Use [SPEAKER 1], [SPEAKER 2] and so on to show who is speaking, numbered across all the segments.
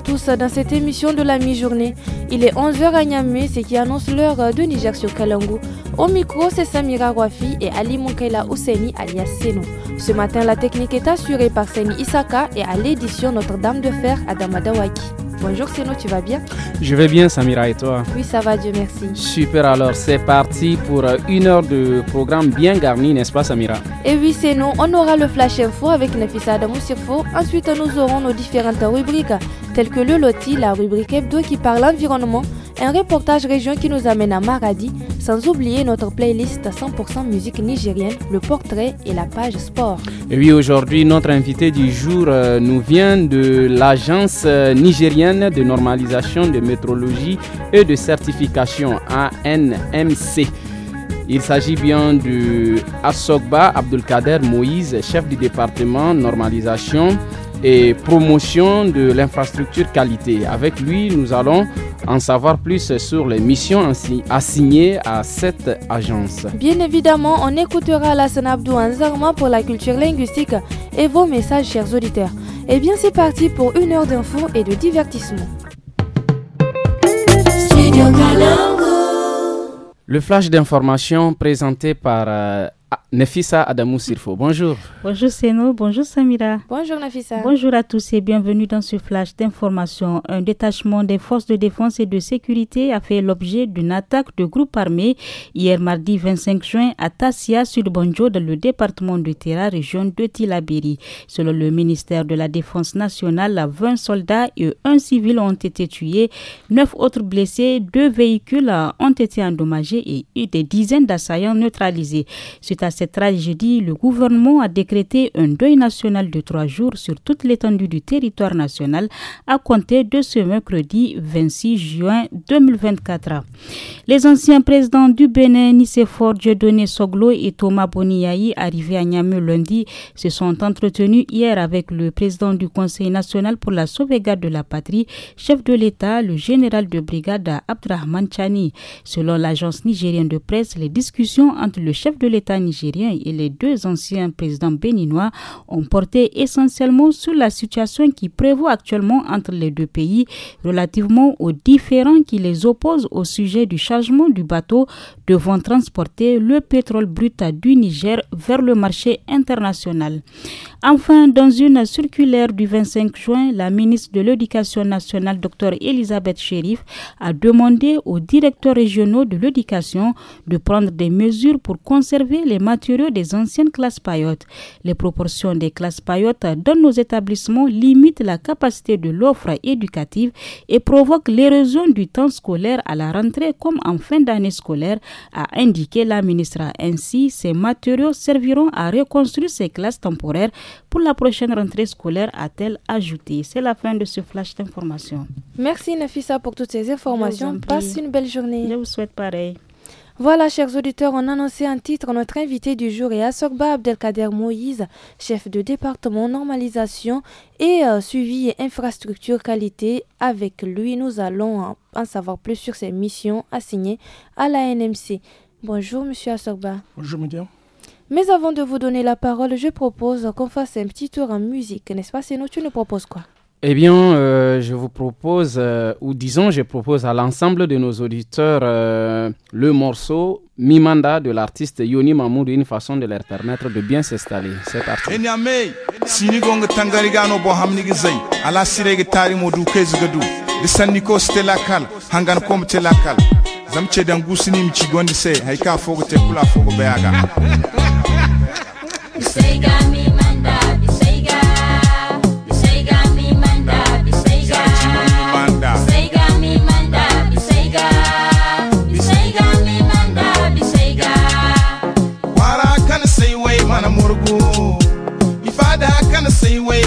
[SPEAKER 1] tous dans cette émission de la mi-journée. Il est 11h à Niamey, ce qui annonce l'heure de Niger sur Kalangu. Au micro, c'est Samira Wafi et Ali Moukela Ouseni alias Seno. Ce matin, la technique est assurée par Seni Isaka et à l'édition Notre-Dame de Fer à Damadawaki. Bonjour Seno, tu vas bien
[SPEAKER 2] Je vais bien Samira et toi
[SPEAKER 1] Oui, ça va, Dieu merci.
[SPEAKER 2] Super, alors c'est parti pour euh, une heure de programme bien garni, n'est-ce pas Samira
[SPEAKER 1] Et oui Seno, on aura le Flash Info avec Nafisa Adamou Ensuite, nous aurons nos différentes rubriques tels que le loti, la rubrique hebdo qui parle environnement, un reportage région qui nous amène à Maradi, sans oublier notre playlist à 100% musique nigérienne, le portrait et la page sport.
[SPEAKER 2] oui, aujourd'hui, notre invité du jour euh, nous vient de l'Agence euh, nigérienne de normalisation de métrologie et de certification ANMC. Il s'agit bien de Asokba Abdulkader Moïse, chef du département normalisation et promotion de l'infrastructure qualité. Avec lui, nous allons en savoir plus sur les missions assignées à cette agence.
[SPEAKER 1] Bien évidemment, on écoutera Alassane Abdou Anzarma pour la culture linguistique et vos messages, chers auditeurs. et eh bien, c'est parti pour une heure d'infos et de divertissement.
[SPEAKER 2] Le flash d'information présenté par euh, Nefissa Adamou Sirfo, bonjour.
[SPEAKER 3] Bonjour Seno, bonjour Samira. Bonjour Nefissa. Bonjour à tous et bienvenue dans ce flash d'information. Un détachement des forces de défense et de sécurité a fait l'objet d'une attaque de groupe armé hier mardi 25 juin à Tassia sur Bonjo dans le département de Terra, région de Tilabiri. Selon le ministère de la Défense nationale, 20 soldats et un civil ont été tués, 9 autres blessés, 2 véhicules ont été endommagés et des dizaines d'assaillants neutralisés. Suite à cette tragédie, le gouvernement a décrété un deuil national de trois jours sur toute l'étendue du territoire national à compter de ce mercredi 26 juin 2024. Les anciens présidents du Bénin, Nicéphore Dieudonné Soglo et Thomas Boniaï, arrivés à Niamey lundi, se sont entretenus hier avec le président du Conseil national pour la sauvegarde de la patrie, chef de l'État, le général de brigade Abdrahman Chani. Selon l'agence nigérienne de presse, les discussions entre le chef de l'État nigérien et les deux anciens présidents béninois ont porté essentiellement sur la situation qui prévaut actuellement entre les deux pays relativement aux différends qui les opposent au sujet du chargement du bateau devant transporter le pétrole brut du Niger vers le marché international. Enfin, dans une circulaire du 25 juin, la ministre de l'Éducation nationale, Dr. Elisabeth Chérif, a demandé aux directeurs régionaux de l'éducation de prendre des mesures pour conserver les matières des anciennes classes payotes. Les proportions des classes payotes dans nos établissements limitent la capacité de l'offre éducative et provoquent l'érosion du temps scolaire à la rentrée comme en fin d'année scolaire, a indiqué la ministre. Ainsi, ces matériaux serviront à reconstruire ces classes temporaires pour la prochaine rentrée scolaire, a-t-elle ajouté. C'est la fin de ce flash d'information.
[SPEAKER 1] Merci Nafissa pour toutes ces informations. Passe une belle journée. Je vous souhaite pareil. Voilà, chers auditeurs, on annoncé un titre. Notre invité du jour est Assokba Abdelkader Moïse, chef de département normalisation et euh, suivi infrastructure qualité. Avec lui, nous allons en savoir plus sur ses missions assignées à la NMC. Bonjour, monsieur Assokba. Bonjour, madame. Mais avant de vous donner la parole, je propose qu'on fasse un petit tour en musique, n'est-ce pas, Sinon, tu nous proposes quoi
[SPEAKER 2] eh bien, euh, je vous propose, euh, ou disons, je propose à l'ensemble de nos auditeurs euh, le morceau Mi manda de l'artiste Yoni Mamoud, une façon de leur permettre de bien s'installer. C'est parti.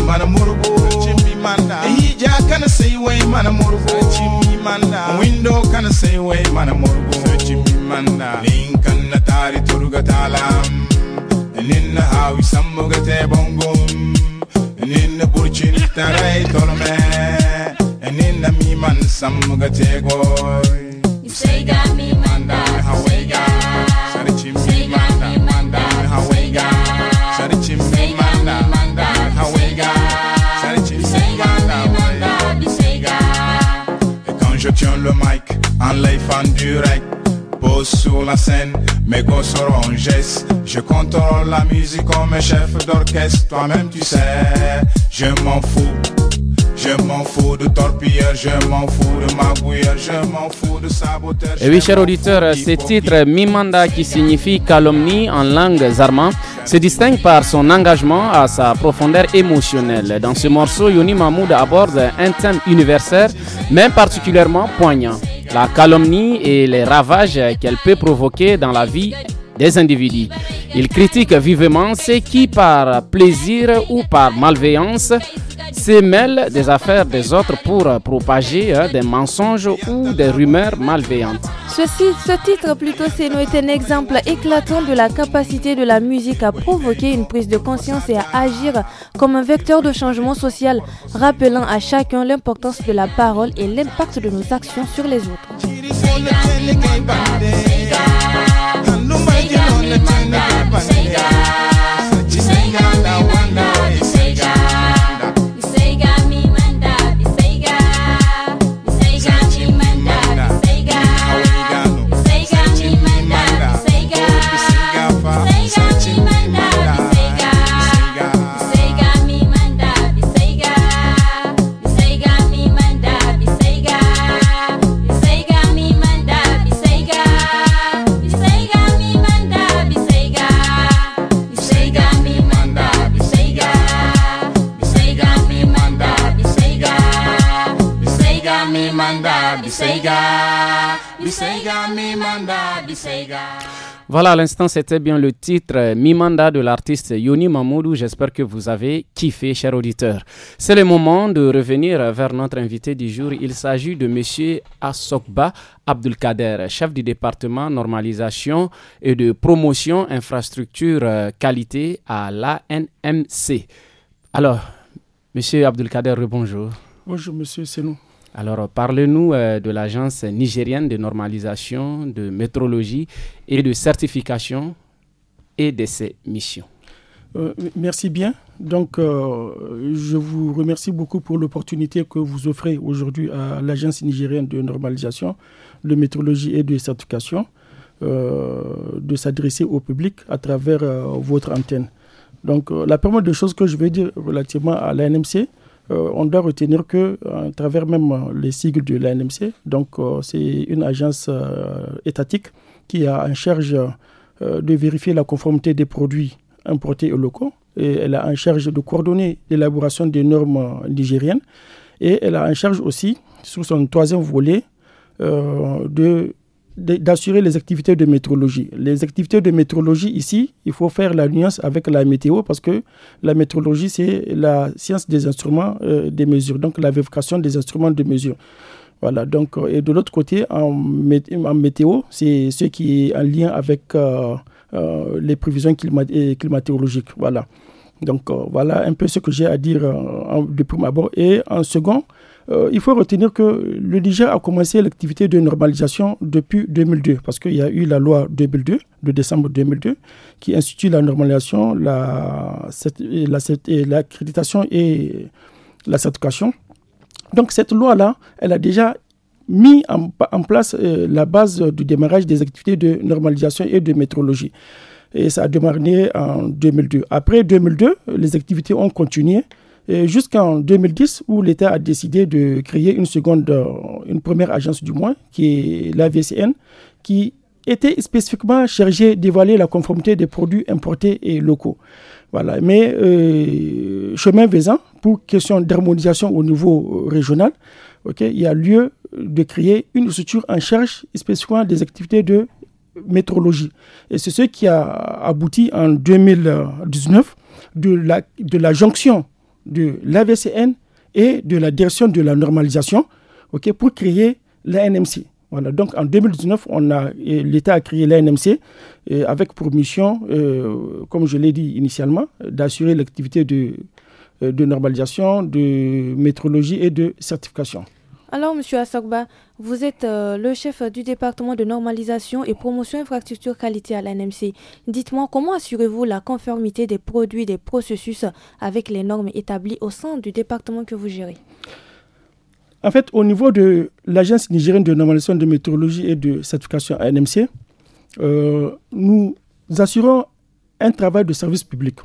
[SPEAKER 4] mana murugu chimbi manda ehija kana say way mana murugu chimbi manda window kana say way mana murugu chimbi manda ninkanna tari turuga talam ninna hawi sammugate bongum ninna burchin tarai tolme ninna miman sammugate goy you say got me manda hawega fans du rec Pose sur la scène, mes gosses seront en geste Je contrôle la musique comme un chef d'orchestre Toi-même tu sais, je m'en fous je m'en fous de torpilleur, je m'en fous de magouilleur, je m'en fous de
[SPEAKER 2] saboteur. Et oui, cher auditeur, ce titre Mimanda qui signifie calomnie en langue zarma se distingue par son engagement à sa profondeur émotionnelle. Dans ce morceau, Yoni Mahmoud aborde un thème universel, mais particulièrement poignant la calomnie et les ravages qu'elle peut provoquer dans la vie des individus. Il critique vivement ceux qui, par plaisir ou par malveillance, se mêlent des affaires des autres pour propager hein, des mensonges ou des rumeurs malveillantes.
[SPEAKER 1] Ceci, ce titre plutôt nous est un exemple éclatant de la capacité de la musique à provoquer une prise de conscience et à agir comme un vecteur de changement social, rappelant à chacun l'importance de la parole et l'impact de nos actions sur les autres.
[SPEAKER 4] Say God.
[SPEAKER 2] Voilà, à l'instant, c'était bien le titre euh, mi-mandat de l'artiste Yoni Mamoudou. J'espère que vous avez kiffé, cher auditeur. C'est le moment de revenir vers notre invité du jour. Il s'agit de M. Assokba Abdulkader, chef du département normalisation et de promotion infrastructure euh, qualité à l'ANMC. Alors, M. Abdulkader, bonjour.
[SPEAKER 5] Bonjour, Monsieur nous.
[SPEAKER 2] Alors, parlez-nous euh, de l'Agence nigérienne de normalisation, de métrologie et de certification et de ses missions.
[SPEAKER 5] Euh, merci bien. Donc, euh, je vous remercie beaucoup pour l'opportunité que vous offrez aujourd'hui à l'Agence nigérienne de normalisation, de métrologie et de certification de s'adresser au public à travers votre antenne. Donc, la première des choses que je vais dire relativement à l'ANMC, euh, on doit retenir que, euh, à travers même euh, les sigles de l'ANMC, donc c'est une agence étatique qui a en charge de vérifier la conformité des produits importés aux locaux. Et elle a en charge de coordonner l'élaboration des normes nigériennes. Et elle a en charge aussi, sous son troisième volet, de d'assurer les activités de métrologie. Les activités de métrologie ici, il faut faire la nuance avec la météo parce que la métrologie, c'est la science des instruments euh, de mesure, donc la vérification des instruments de mesure. Voilà, donc, euh, et de l'autre côté, en, météo, c'est ce qui est en lien avec euh, les prévisions climat climatologiques. Voilà. Donc, voilà un peu ce que j'ai à dire de premier abord. Et en second, euh, il faut retenir que le Niger a commencé l'activité de normalisation depuis 2002, parce qu'il y a eu la loi 2002, de décembre 2002, qui institue la normalisation, la, l'accréditation et la certification. Donc cette loi-là, elle a déjà mis en, place euh, la base du démarrage des activités de normalisation et de métrologie. Et ça a démarré en 2002. Après 2002, les activités ont continué jusqu'en 2010 où l'État a décidé de créer une seconde, euh, une première agence du moins, qui est la VCN, qui était spécifiquement chargée d'évaluer la conformité des produits importés et locaux. Voilà. Mais euh, chemin faisant, pour question d'harmonisation au niveau euh, régional, ok, il y a lieu de créer une structure en charge spécifiquement des activités de métrologie. Et c'est ce qui a abouti en 2019 de la, de la jonction de l'AVCN et de la direction de la normalisation pour créer la NMC. donc en 2019, l'État a créé la NMC euh, avec pour mission, euh, comme je l'ai dit initialement, d'assurer l'activité de euh, normalisation, de métrologie et de certification.
[SPEAKER 1] Alors, Monsieur Assogba, vous êtes euh, le chef du département de normalisation et promotion infrastructure qualité à l'ANMC. Dites-moi, comment assurez-vous la conformité des produits, des processus avec les normes établies au sein du département que vous gérez
[SPEAKER 5] En fait, au niveau de l'Agence nigérienne de normalisation de météorologie et de certification à l'ANMC, euh, nous assurons un travail de service public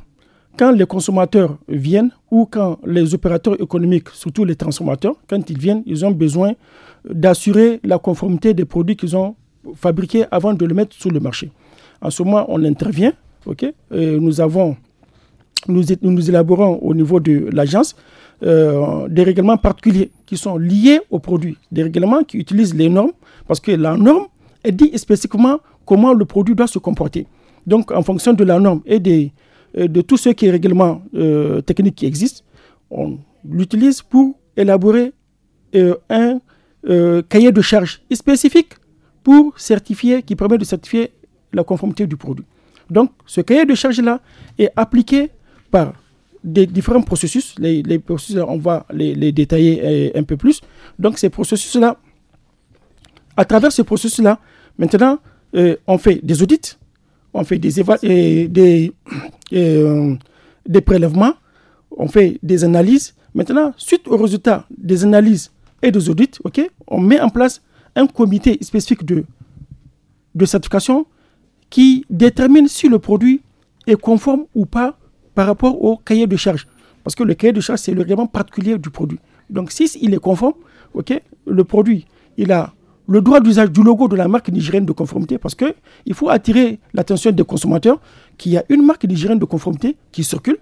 [SPEAKER 5] quand les consommateurs viennent ou quand les opérateurs économiques, surtout les transformateurs, quand ils viennent, ils ont besoin d'assurer la conformité des produits qu'ils ont fabriqués avant de les mettre sur le marché. En ce moment, on intervient. ok nous avons, nous, nous élaborons au niveau de l'agence euh, des règlements particuliers qui sont liés aux produits, des règlements qui utilisent les normes, parce que la norme elle dit spécifiquement comment le produit doit se comporter. Donc, en fonction de la norme et des euh, de tout ce qui est règlement euh, technique qui existe, on l'utilise pour élaborer euh, un cahier de charge spécifique pour certifier, qui permet de certifier la conformité du produit. Donc, ce cahier de charges-là est appliqué par des différents processus. Les, processus, on va les, les détailler un peu plus. Donc, ces processus-là, à travers ces processus-là, maintenant, on fait des audits, on fait des, des, euh, des prélèvements, on fait des analyses. Maintenant, suite aux résultats des analyses et des audits, on met en place un comité spécifique de, certification qui détermine si le produit est conforme ou pas par rapport au cahier de charge. Parce que le cahier de charge, c'est le règlement particulier du produit. Donc, si il est conforme, le produit, il a le droit d'usage du logo de la marque nigérienne de conformité parce qu'il faut attirer l'attention des consommateurs qu'il y a une marque nigérienne de conformité qui circule,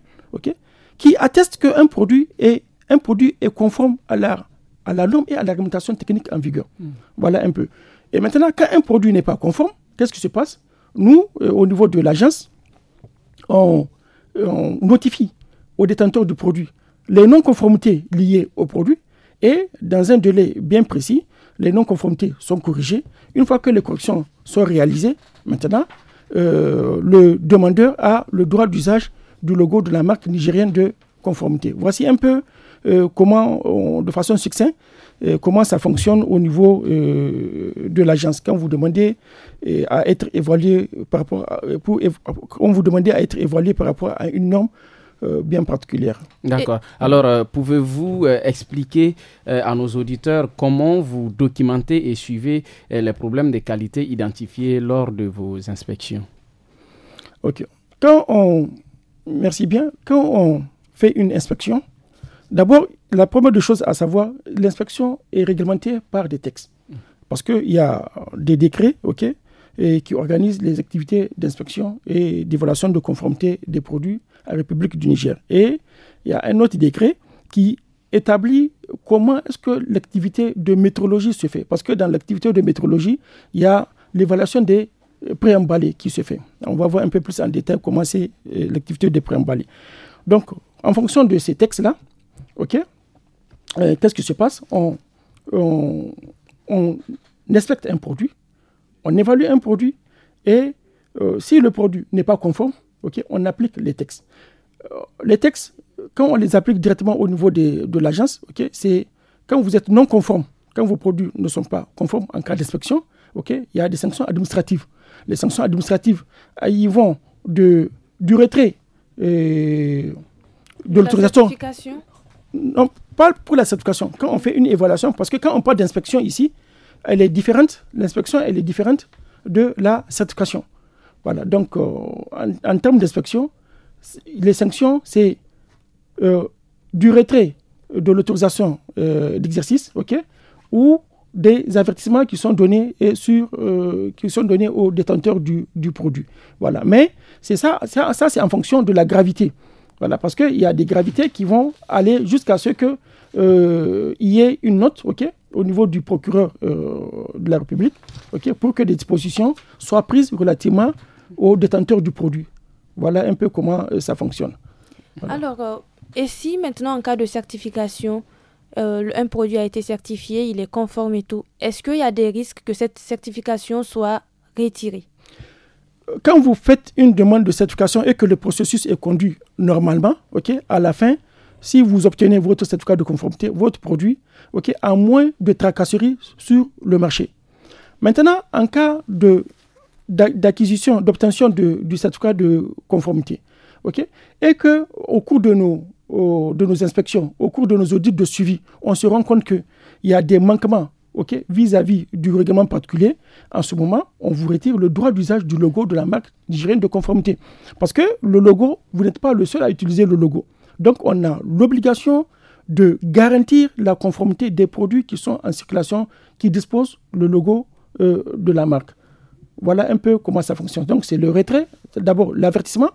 [SPEAKER 5] qui atteste qu'un produit est un produit est conforme à la à la norme et à la technique en vigueur. Hmm. Voilà un peu. Et maintenant, quand un produit n'est pas conforme, qu'est-ce qui se passe Nous, euh, au niveau de l'agence, on, on notifie aux détenteurs de produits les non-conformités liées au produit et dans un délai bien précis, les non-conformités sont corrigées. Une fois que les corrections sont réalisées, maintenant, euh, le demandeur a le droit d'usage du logo de la marque nigérienne de conformité. Voici un peu euh, comment, de façon succincte, euh, comment ça fonctionne au niveau de l'agence. Quand vous demandez à être évalué par rapport vous à être évalué par rapport à une norme euh, bien particulière. D'accord. Alors,
[SPEAKER 2] euh, pouvez-vous euh, expliquer à nos auditeurs comment vous documentez et suivez les problèmes de qualité identifiés lors de vos inspections
[SPEAKER 5] Ok. Quand on. Merci bien. Quand on fait une inspection, d'abord, la première chose à savoir, l'inspection est réglementée par des textes. Parce qu'il y a des décrets, ok, qui organisent les activités d'inspection et d'évaluation de conformité des produits la République du Niger. Et il y a un autre décret qui établit comment est-ce que l'activité de métrologie se fait. Parce que dans l'activité de métrologie, il y a l'évaluation des euh, préemballés qui se fait. On va voir un peu plus en détail comment c'est euh, l'activité des préemballés. Donc, en fonction de ces textes-là, ok, euh, qu'est-ce qui se passe on, on, on, inspecte un produit, on évalue un produit, et si le produit n'est pas conforme, on applique les textes. Euh, les textes, quand on les applique directement au niveau de, de l'agence, ok, c'est quand vous êtes non conforme, quand vos produits ne sont pas conformes en cas d'inspection, ok, il y a des sanctions administratives. Les sanctions administratives, ah, ils vont de, du retrait euh, de l'autorisation. Non, pas pour la certification. Quand on fait une évaluation, parce que quand on parle d'inspection ici, elle est différente. L'inspection, elle est différente de la certification. Voilà, donc euh, en, termes d'inspection, les sanctions, c'est euh, du retrait de l'autorisation euh, d'exercice, ok, ou des avertissements qui sont donnés sur qui sont donnés aux détenteurs du, produit. Voilà, mais c'est ça, ça, c'est en fonction de la gravité. Voilà, parce qu'il y a des gravités qui vont aller jusqu'à ce que y ait une note, ok, au niveau du procureur de la République pour que des dispositions soient prises relativement aux détenteurs du produit. Voilà un peu comment euh, ça fonctionne.
[SPEAKER 1] Alors, euh, et si maintenant en cas de certification, euh, un produit a été certifié, il est conforme et tout, est-ce qu'il y a des risques que cette certification soit retirée
[SPEAKER 5] Quand vous faites une demande de certification et que le processus est conduit normalement, à la fin, si vous obtenez votre certificat de conformité, votre produit, ok, a moins de tracasseries sur le marché. Maintenant, en cas d'acquisition, d'obtention du certificat de conformité, et que au cours de nos, de nos inspections, au cours de nos audits de suivi, on se rend compte qu'il y a des manquements vis-à-vis du règlement particulier, en ce moment, on vous retire le droit d'usage du logo de la marque nigérienne de conformité. Parce que le logo, vous n'êtes pas le seul à utiliser le logo. Donc, on a l'obligation de garantir la conformité des produits qui sont en circulation, qui disposent le logo euh, de la marque. Voilà un peu comment ça fonctionne. Donc c'est le retrait, d'abord l'avertissement,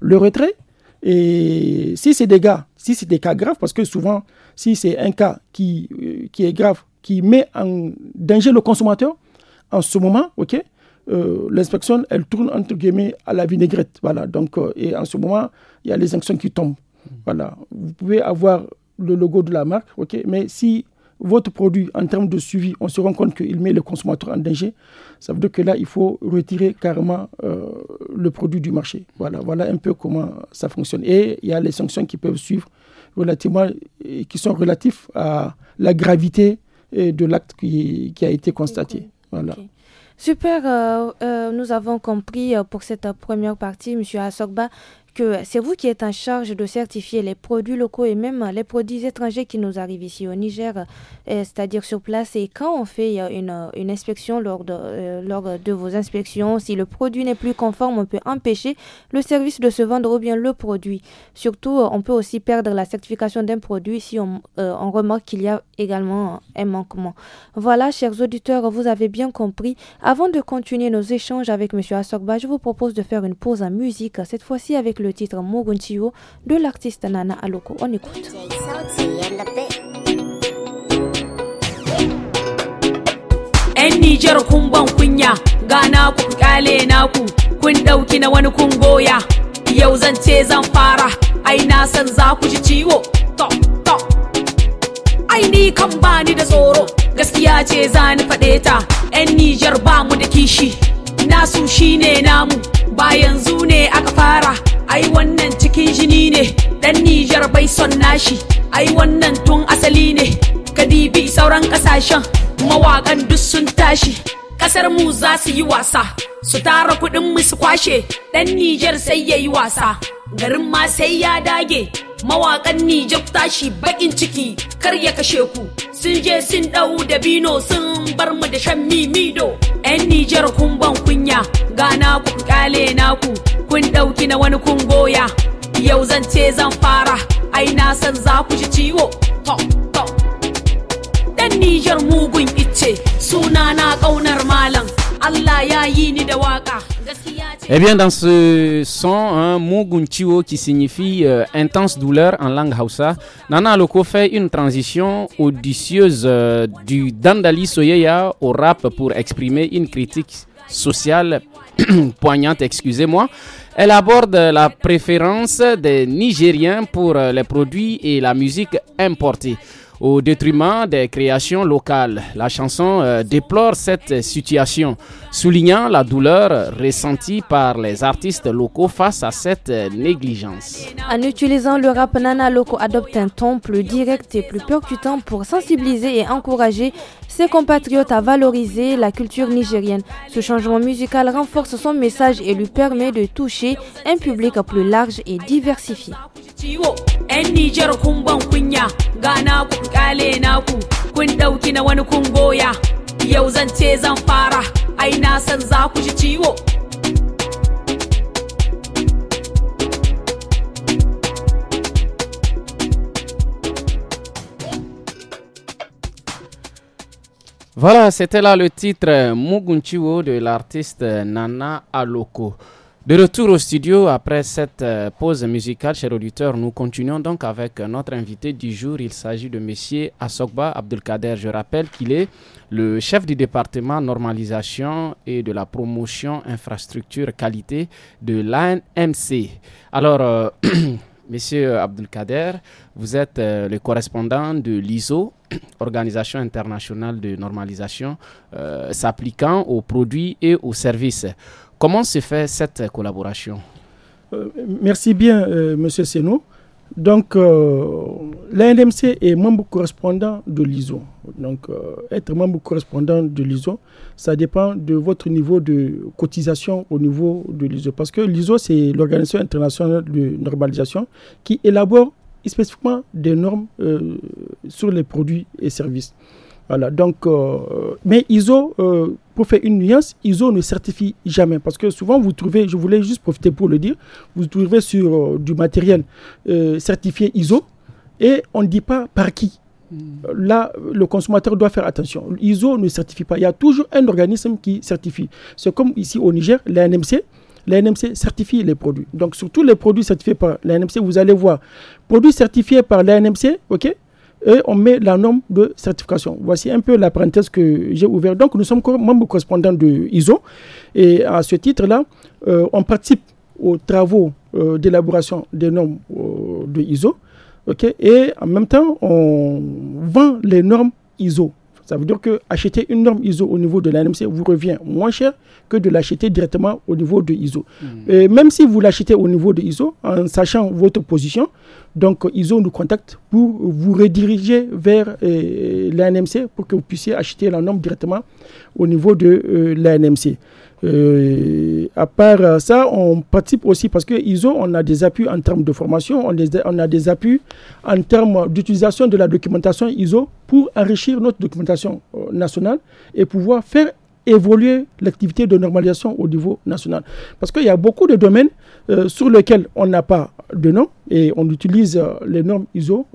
[SPEAKER 5] le retrait, et si c'est des gars, si c'est des cas graves, parce que souvent, si c'est un cas qui, euh, qui est grave, qui met en danger le consommateur, en ce moment, ok, euh, l'inspection, elle tourne entre guillemets à la vinaigrette. Voilà, donc, et en ce moment, il y a les sanctions qui tombent. Mmh. Voilà, vous pouvez avoir le logo de la marque, ok, mais si votre produit, en termes de suivi, on se rend compte qu'il met le consommateur en danger, ça veut dire que là, il faut retirer carrément euh, le produit du marché. Voilà, voilà un peu comment ça fonctionne. Et il y a les sanctions qui peuvent suivre relativement, qui sont relatives à la gravité de l'acte qui, a été constaté. Voilà.
[SPEAKER 1] Super, euh, euh, nous avons compris pour cette première partie, M. Assogba c'est vous qui êtes en charge de certifier les produits locaux et même les produits étrangers qui nous arrivent ici au Niger, euh, c'est-à-dire sur place. Et quand on fait euh, euh, une, inspection lors de, vos inspections, si le produit n'est plus conforme, on peut empêcher le service de se vendre ou bien le produit. Surtout, on peut aussi perdre la certification d'un produit si on, remarque qu'il y a également un manquement. Voilà, chers auditeurs, vous avez bien compris. Avant de continuer nos échanges avec M. Assorba, je vous propose de faire une pause en musique, cette fois-ci avec le le titre Mogunchiyo de l'artiste Nana Aloko. On écoute.
[SPEAKER 6] ‘Yan Nijar kun ban kunya, gana ku naku, kun ɗauki na wani kun goya, yau zan ce zan fara, ai na san za ku ji ciwo, Ai ni kan bani da tsoro, gaskiya ce za ni faɗe ta, ‘yan Nijar ba da kishi. nasu shine namu ba yanzu ne aka fara ai wannan cikin jini ne dan nijar bai son nashi ai wannan tun asali ne kadibi sauran kasashen mawakan duk sun tashi kasar mu za su yi wasa su tara kuɗin mu su kwashe dan nijar sai yayi wasa garin ma sai ya dage mawaƙan Nijar tashi bakin ciki kar ya kashe ku sun je sun dau da bino sun bar mu da shan mimido 'yan Nijar kun ban kunya gana ku ƙale naku kun ɗauki na wani kun goya yau zan ce zan fara ai na san za ku ji ciwo Dan Nijar mugun icce suna na ƙaunar malam Et
[SPEAKER 2] Eh bien, dans ce son, un mot Gunchuo qui signifie euh, intense douleur en langue Hausa, Nana Loko fait une transition audacieuse euh, du Dandali Soyeya au rap pour exprimer une critique sociale poignante, excusez-moi. Elle aborde la préférence des Nigériens pour euh, les produits et la musique importée au détriment des créations locales. La chanson euh, déplore cette situation, soulignant la douleur ressentie par les artistes locaux face à cette négligence.
[SPEAKER 1] En utilisant le rap, Nana Loco adopte un ton plus direct et plus percutant pour sensibiliser et encourager ses compatriotes à valoriser la culture nigérienne. Ce changement musical renforce son message et lui permet de toucher un public plus large et
[SPEAKER 6] diversifié.
[SPEAKER 2] Voilà, c'était là le titre Mugunchiwo de l'artiste Nana Aloko. De retour au studio après cette euh, pause musicale, chers auditeurs, nous continuons donc avec notre invité du jour. Il s'agit de M. Asokba Abdelkader. Je rappelle qu'il est le chef du département normalisation et de la promotion infrastructure qualité de l'ANMC. Alors, euh, Monsieur Abdelkader, vous êtes euh, le correspondant de l'ISO, Organisation internationale de normalisation, euh, s'appliquant aux produits et aux services. Comment se fait cette collaboration euh,
[SPEAKER 5] Merci bien, Monsieur Seno. Donc, euh, l'ANMC est membre correspondant de l'ISO. Donc, euh, être membre correspondant de l'ISO, ça dépend de votre niveau de cotisation au niveau de l'ISO. Parce que l'ISO, c'est l'Organisation internationale de normalisation qui élabore spécifiquement des normes euh, sur les produits et services. Voilà, donc, euh, mais ISO fait une nuance, ISO ne certifie jamais. Parce que souvent, vous trouvez, je voulais juste profiter pour le dire, vous trouvez sur euh, du matériel euh, certifié ISO et on ne dit pas par qui. Hmm. Là, le consommateur doit faire attention. ISO ne certifie pas. Il y a toujours un organisme qui certifie. C'est comme ici au Niger, l'ANMC. L'ANMC certifie les produits. Donc, sur tous les produits certifiés par l'ANMC, vous allez voir. Produits certifiés par l'ANMC, OK et on met la norme de certification. Voici un peu la parenthèse que j'ai ouverte. Donc, nous sommes membres correspondants de ISO et à ce titre-là, euh, on participe aux travaux euh, d'élaboration des normes euh, de ISO. Et en même temps, on vend les normes ISO ça veut dire que acheter une norme ISO au niveau de l'ANMC vous revient moins cher que de l'acheter directement au niveau de ISO. Hmm. même si vous l'achetez au niveau de ISO, en sachant votre position, donc ISO nous contacte pour vous rediriger vers euh, l'ANMC pour que vous puissiez acheter la norme directement au niveau de euh, l'ANMC. Et euh, à part euh, ça, on participe aussi parce que ISO, on a des appuis en termes de formation, on, on a des appuis en termes d'utilisation de la documentation ISO pour enrichir notre documentation euh, nationale et pouvoir faire évoluer l'activité de normalisation au niveau national. Parce qu'il y a beaucoup de domaines sur lesquels on n'a pas de nom et on utilise les normes ISO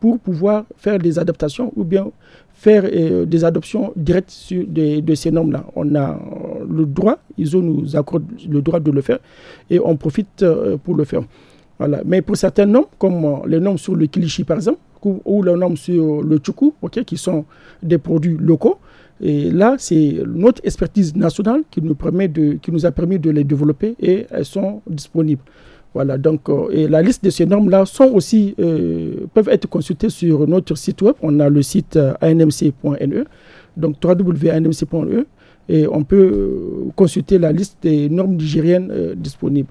[SPEAKER 5] pour pouvoir faire des adaptations ou bien faire euh, des adoptions directes sur de ces normes-là. On a euh, le droit, ils nous accordent le droit de le faire et on profite euh, pour le faire. Voilà. Mais pour certains normes, comme les normes sur le kilichi par exemple, ou, les normes sur le tchoukou, ok, qui sont des produits locaux, et là, c'est notre expertise nationale qui nous, permet de, qui nous a permis de les développer et elles sont disponibles. Voilà, donc, euh, la liste de ces normes-là sont aussi, euh, peuvent être consultées sur notre site web. On a le site euh, anmc.ne, donc www.anmc.ne, et on peut consulter la liste des normes nigériennes disponibles.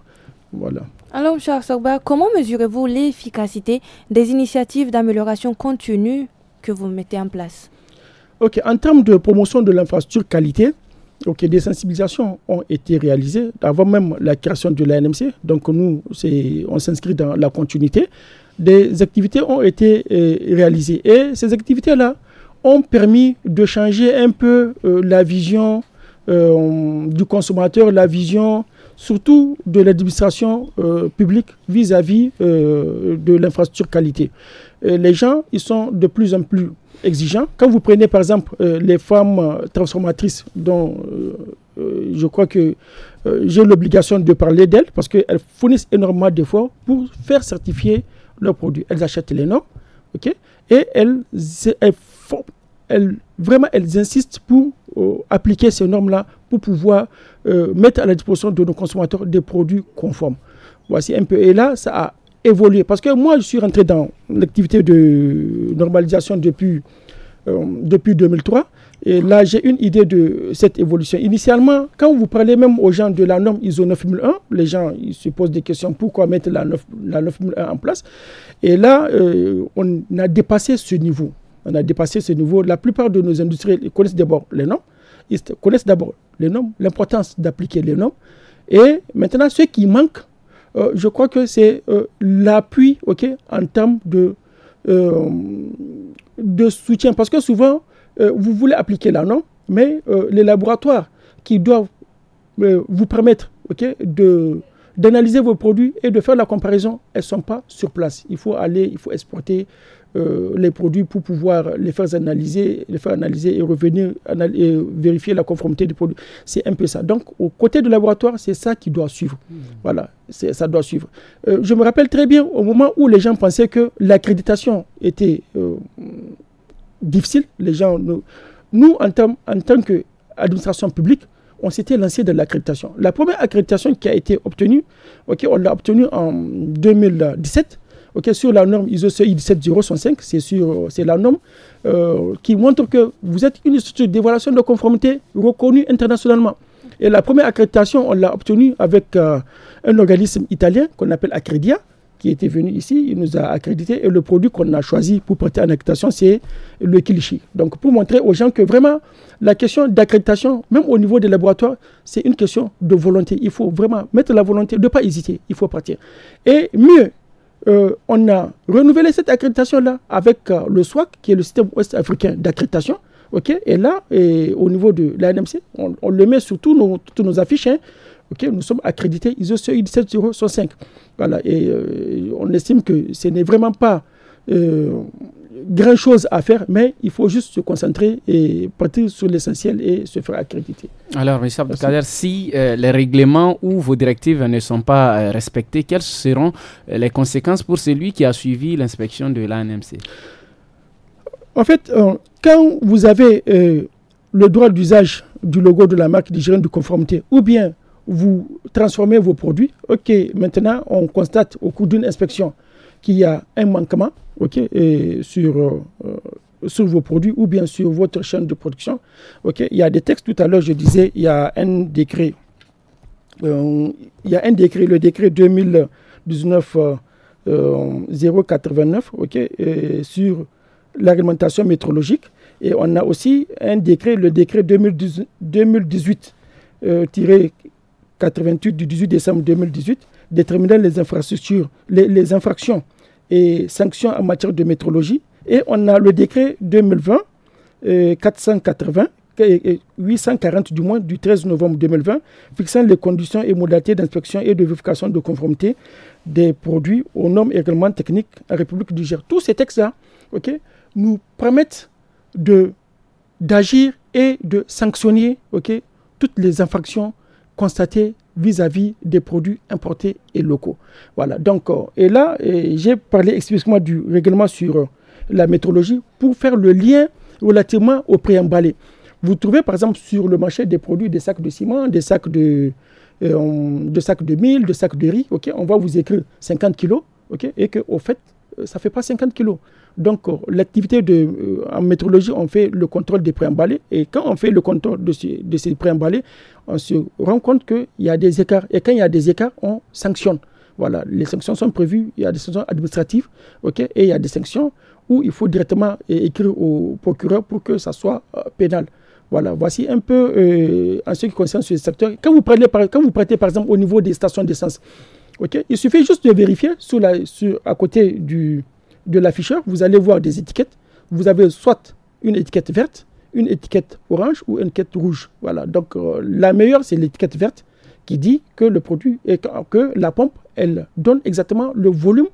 [SPEAKER 5] Voilà.
[SPEAKER 1] Alors, M. Sogba, comment mesurez-vous l'efficacité des initiatives d'amélioration continue que vous mettez en place
[SPEAKER 5] Ok, en termes de promotion de l'infrastructure qualité, ok, des sensibilisations ont été réalisées avant même la création de l'ANMC. Donc nous, on s'inscrit dans la continuité. Des activités ont été euh, réalisées et ces activités-là ont permis de changer un peu euh, la vision euh, du consommateur, la vision surtout de l'administration euh, publique vis-à-vis euh, de l'infrastructure qualité. Euh, les gens, ils sont de plus en plus exigeants. Quand vous prenez par exemple les femmes transformatrices dont je crois que j'ai l'obligation de parler d'elles parce qu'elles fournissent énormément d'efforts pour faire certifier leurs produits. Elles achètent les normes ok, et elles, vraiment elles insistent pour appliquer ces normes-là pour pouvoir euh, mettre à la disposition de nos consommateurs des produits conformes. Voici un peu. Et là, ça a évolué. Parce que moi, je suis rentré dans l'activité de normalisation depuis, euh, depuis 2003. Et là, j'ai une idée de cette évolution. Initialement, quand vous parlez même aux gens de la norme ISO 9001, les gens ils se posent des questions pourquoi mettre la, 9001 en place. Et là, euh, on a dépassé ce niveau. On a dépassé ce niveau. La plupart de nos industriels connaissent d'abord les normes ils connaissent d'abord les normes, l'importance d'appliquer les normes. Et maintenant, ce qui manque, euh, je crois que c'est euh, l'appui en termes de, euh, de soutien. Parce que souvent, vous voulez appliquer la norme, mais les laboratoires qui doivent vous permettre de d'analyser vos produits et de faire la comparaison, elles ne sont pas sur place. Il faut aller, il faut exporter euh, les produits pour pouvoir les faire analyser, les faire analyser et revenir et vérifier la conformité des produits. C'est un peu ça. Donc, au côté du laboratoire, c'est ça qui doit suivre. Hmm. Voilà, ça doit suivre. Euh, je me rappelle très bien au moment où les gens pensaient que l'accréditation était euh, difficile. Les gens, nous, nous en, en tant qu'administration publique, on s'était lancé dans l'accréditation. La première accréditation qui a été obtenue, ok, on l'a obtenue en 2017 Ok, sur la norme ISO 17065, c'est sur c'est la norme euh, qui montre que vous êtes une structure d'évaluation de conformité reconnue internationalement. Et la première accréditation, on l'a obtenue avec euh, un organisme italien qu'on appelle Accredia, qui était venu ici, il nous a accrédité. Et le produit qu'on a choisi pour porter en accréditation, c'est le Kilichi. Donc, pour montrer aux gens que vraiment, la question d'accréditation, même au niveau des laboratoires, c'est une question de volonté. Il faut vraiment mettre la volonté, de ne pas hésiter, il faut partir. Et mieux, euh, on a renouvelé cette accréditation-là avec euh, le SWAC, qui est le système ouest-africain d'accréditation. ok et là, au niveau de l'ANMC, on, on, le met sur tous nos, affiches. Hein, nous sommes accrédités ISO 17065. Voilà, et euh, on estime que ce n'est vraiment pas grand chose à faire, mais il faut juste se concentrer et partir sur l'essentiel et se faire accréditer.
[SPEAKER 2] Alors, M. Abdelkader, si euh, les règlements ou vos directives ne sont pas euh, respectés, quelles seront euh, les conséquences pour celui qui a suivi l'inspection de l'ANMC
[SPEAKER 5] En fait, quand vous avez le droit d'usage du logo de la marque d'hygiène de conformité, ou bien vous transformez vos produits, ok, maintenant on constate au cours d'une inspection qu'il y a un manquement sur, euh, euh, sur vos produits ou bien sur votre chaîne de production. Ok, Il y a des textes, tout à l'heure je disais, il y a un décret. Euh, il y a un décret, le décret 2019 089 sur l'alimentation métrologique. Et on a aussi un décret, le décret 2018 88 du 18 décembre 2018, déterminant les infrastructures, les infractions sanctions en matière de métrologie. Et on a le décret 2020 et 480 840 du moins du 13 novembre 2020 fixant les conditions et modalités d'inspection et de vérification de conformité des produits aux normes et règlements techniques en République du Gère. Tous ces textes-là ok nous permettent d'agir et de sanctionner ok toutes les infractions constatées vis-à-vis des produits importés et locaux. Voilà, donc, euh, et là, j'ai parlé explicitement du règlement sur euh, la métrologie pour faire le lien relativement au emballé. Vous trouvez par exemple sur le marché des produits des sacs de ciment, des sacs de, euh, de sacs de mille, de sacs de riz. Ok, on va vous écrire 50 kilos. et que au fait, ça ne fait pas 50 kilos. Donc, euh, l'activité de, euh, en métrologie, on fait le contrôle des préemballés. Et quand on fait le contrôle de, ces, de ces préemballés, on se rend compte qu'il y a des écarts. Et quand il y a des écarts, on sanctionne. Voilà, les sanctions sont prévues. Il y a des sanctions administratives, ok, et il y a des sanctions où il faut directement écrire au procureur pour que ça soit euh, pénal. Voilà, voici un peu en ce qui concerne ce secteur. Quand vous, prenez par, quand vous prêtez par exemple au niveau des stations d'essence, OK il suffit juste de vérifier sur la, sur, à côté du, de l'afficheur, vous allez voir des étiquettes. Vous avez soit une étiquette verte, une étiquette orange ou une étiquette rouge. Voilà. Donc euh, la meilleure, c'est l'étiquette verte qui dit que le produit que la pompe, elle donne exactement le volume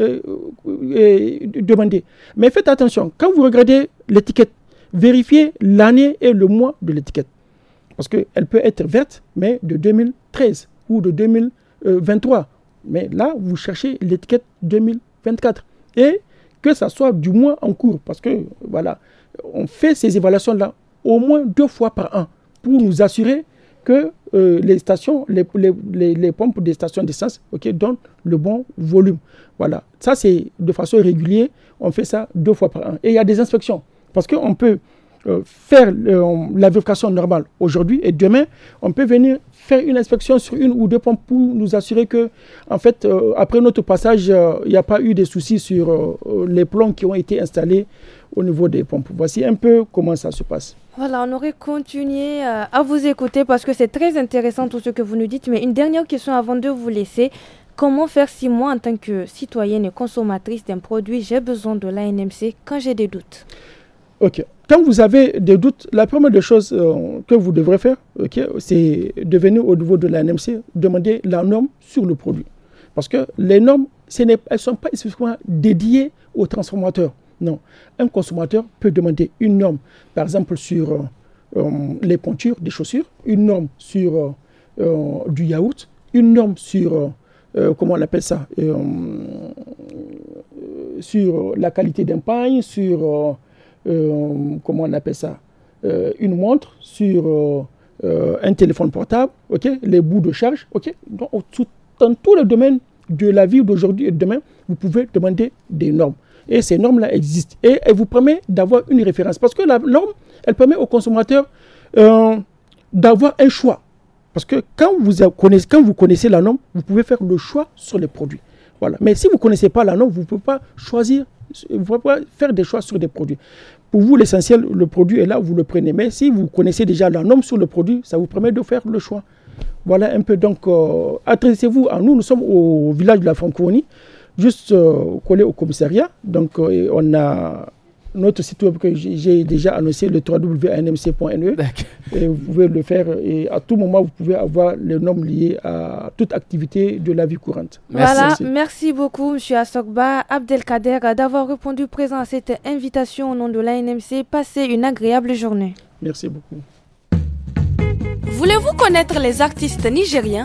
[SPEAKER 5] euh, euh, demandé. Mais faites attention, quand vous regardez l'étiquette, vérifiez l'année et le mois de l'étiquette. Parce qu'elle peut être verte, mais de 2013 ou de 2023. Mais là, vous cherchez l'étiquette 2024 et que ça soit du moins en cours. Parce que, voilà, on fait ces évaluations-là au moins deux fois par an pour nous assurer que euh, les stations, les, les, pompes des stations d'essence ok donnent le bon volume. Voilà, ça c'est de façon régulière, on fait ça deux fois par an. Et il y a des inspections, parce qu'on peut euh, faire euh, la vérification normale aujourd'hui et demain, on peut venir faire une inspection sur une ou deux pompes pour nous assurer que, en fait, euh, après notre passage, il n'y a pas eu de soucis sur les plombs qui ont été installés au niveau des pompes. Voici un peu comment ça se passe.
[SPEAKER 1] Voilà, on aurait continué à vous écouter parce que c'est très intéressant tout ce que vous nous dites. Mais une dernière question avant de vous laisser. Comment faire si moi, en tant que citoyenne et consommatrice d'un produit, j'ai besoin de l'ANMC quand j'ai des doutes
[SPEAKER 5] Ok. Quand vous avez des doutes, la première des choses euh, que vous devrez faire, c'est de venir au niveau de l'ANMC, demander la norme sur le produit. Parce que les normes, ce elles ne sont pas spécifiquement dédiées aux transformateurs. Non. Un consommateur peut demander une norme, par exemple, sur euh, euh, les pointures des chaussures, une norme sur du yaourt, une norme sur, comment on appelle ça, sur la qualité d'un pain, sur euh, comment on appelle ça, euh, une montre sur euh, un téléphone portable, ok, les bouts de charge, ok. dans tous les domaines de la vie d'aujourd'hui et demain, vous pouvez demander des normes. Et ces normes-là existent. Et elles vous permettent d'avoir une référence. Parce que la norme, elle permet au consommateur d'avoir un choix. Parce que quand vous connaissez la norme, vous pouvez faire le choix sur les produits. Voilà. Mais si vous ne connaissez pas la norme, vous ne pouvez pas choisir, vous pouvez pas faire des choix sur des produits. Pour vous, l'essentiel, le produit est là, vous le prenez. Mais si vous connaissez déjà la norme sur le produit, ça vous permet de faire le choix. Voilà un peu. Donc, euh, adressez-vous à nous. Nous sommes au village de la Francophonie, juste euh, collé au commissariat. Donc, euh, on a notre site web que j'ai déjà annoncé, le www.nmc.ne. Et vous pouvez le faire et à tout moment, vous pouvez avoir le nom lié à toute activité de la vie courante. Merci. Voilà,
[SPEAKER 1] merci, beaucoup, M. Assokba Abdelkader, d'avoir répondu présent à cette invitation au nom de l'ANMC. Passez une agréable journée. Merci beaucoup. Voulez-vous connaître les artistes nigériens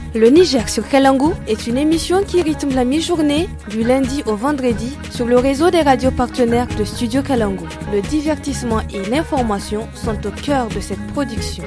[SPEAKER 1] Le Niger sur Kalangu est une émission qui rythme la mi-journée du lundi au vendredi sur le réseau des radios partenaires de Studio Kalangu. Le divertissement et l'information sont au cœur de cette production.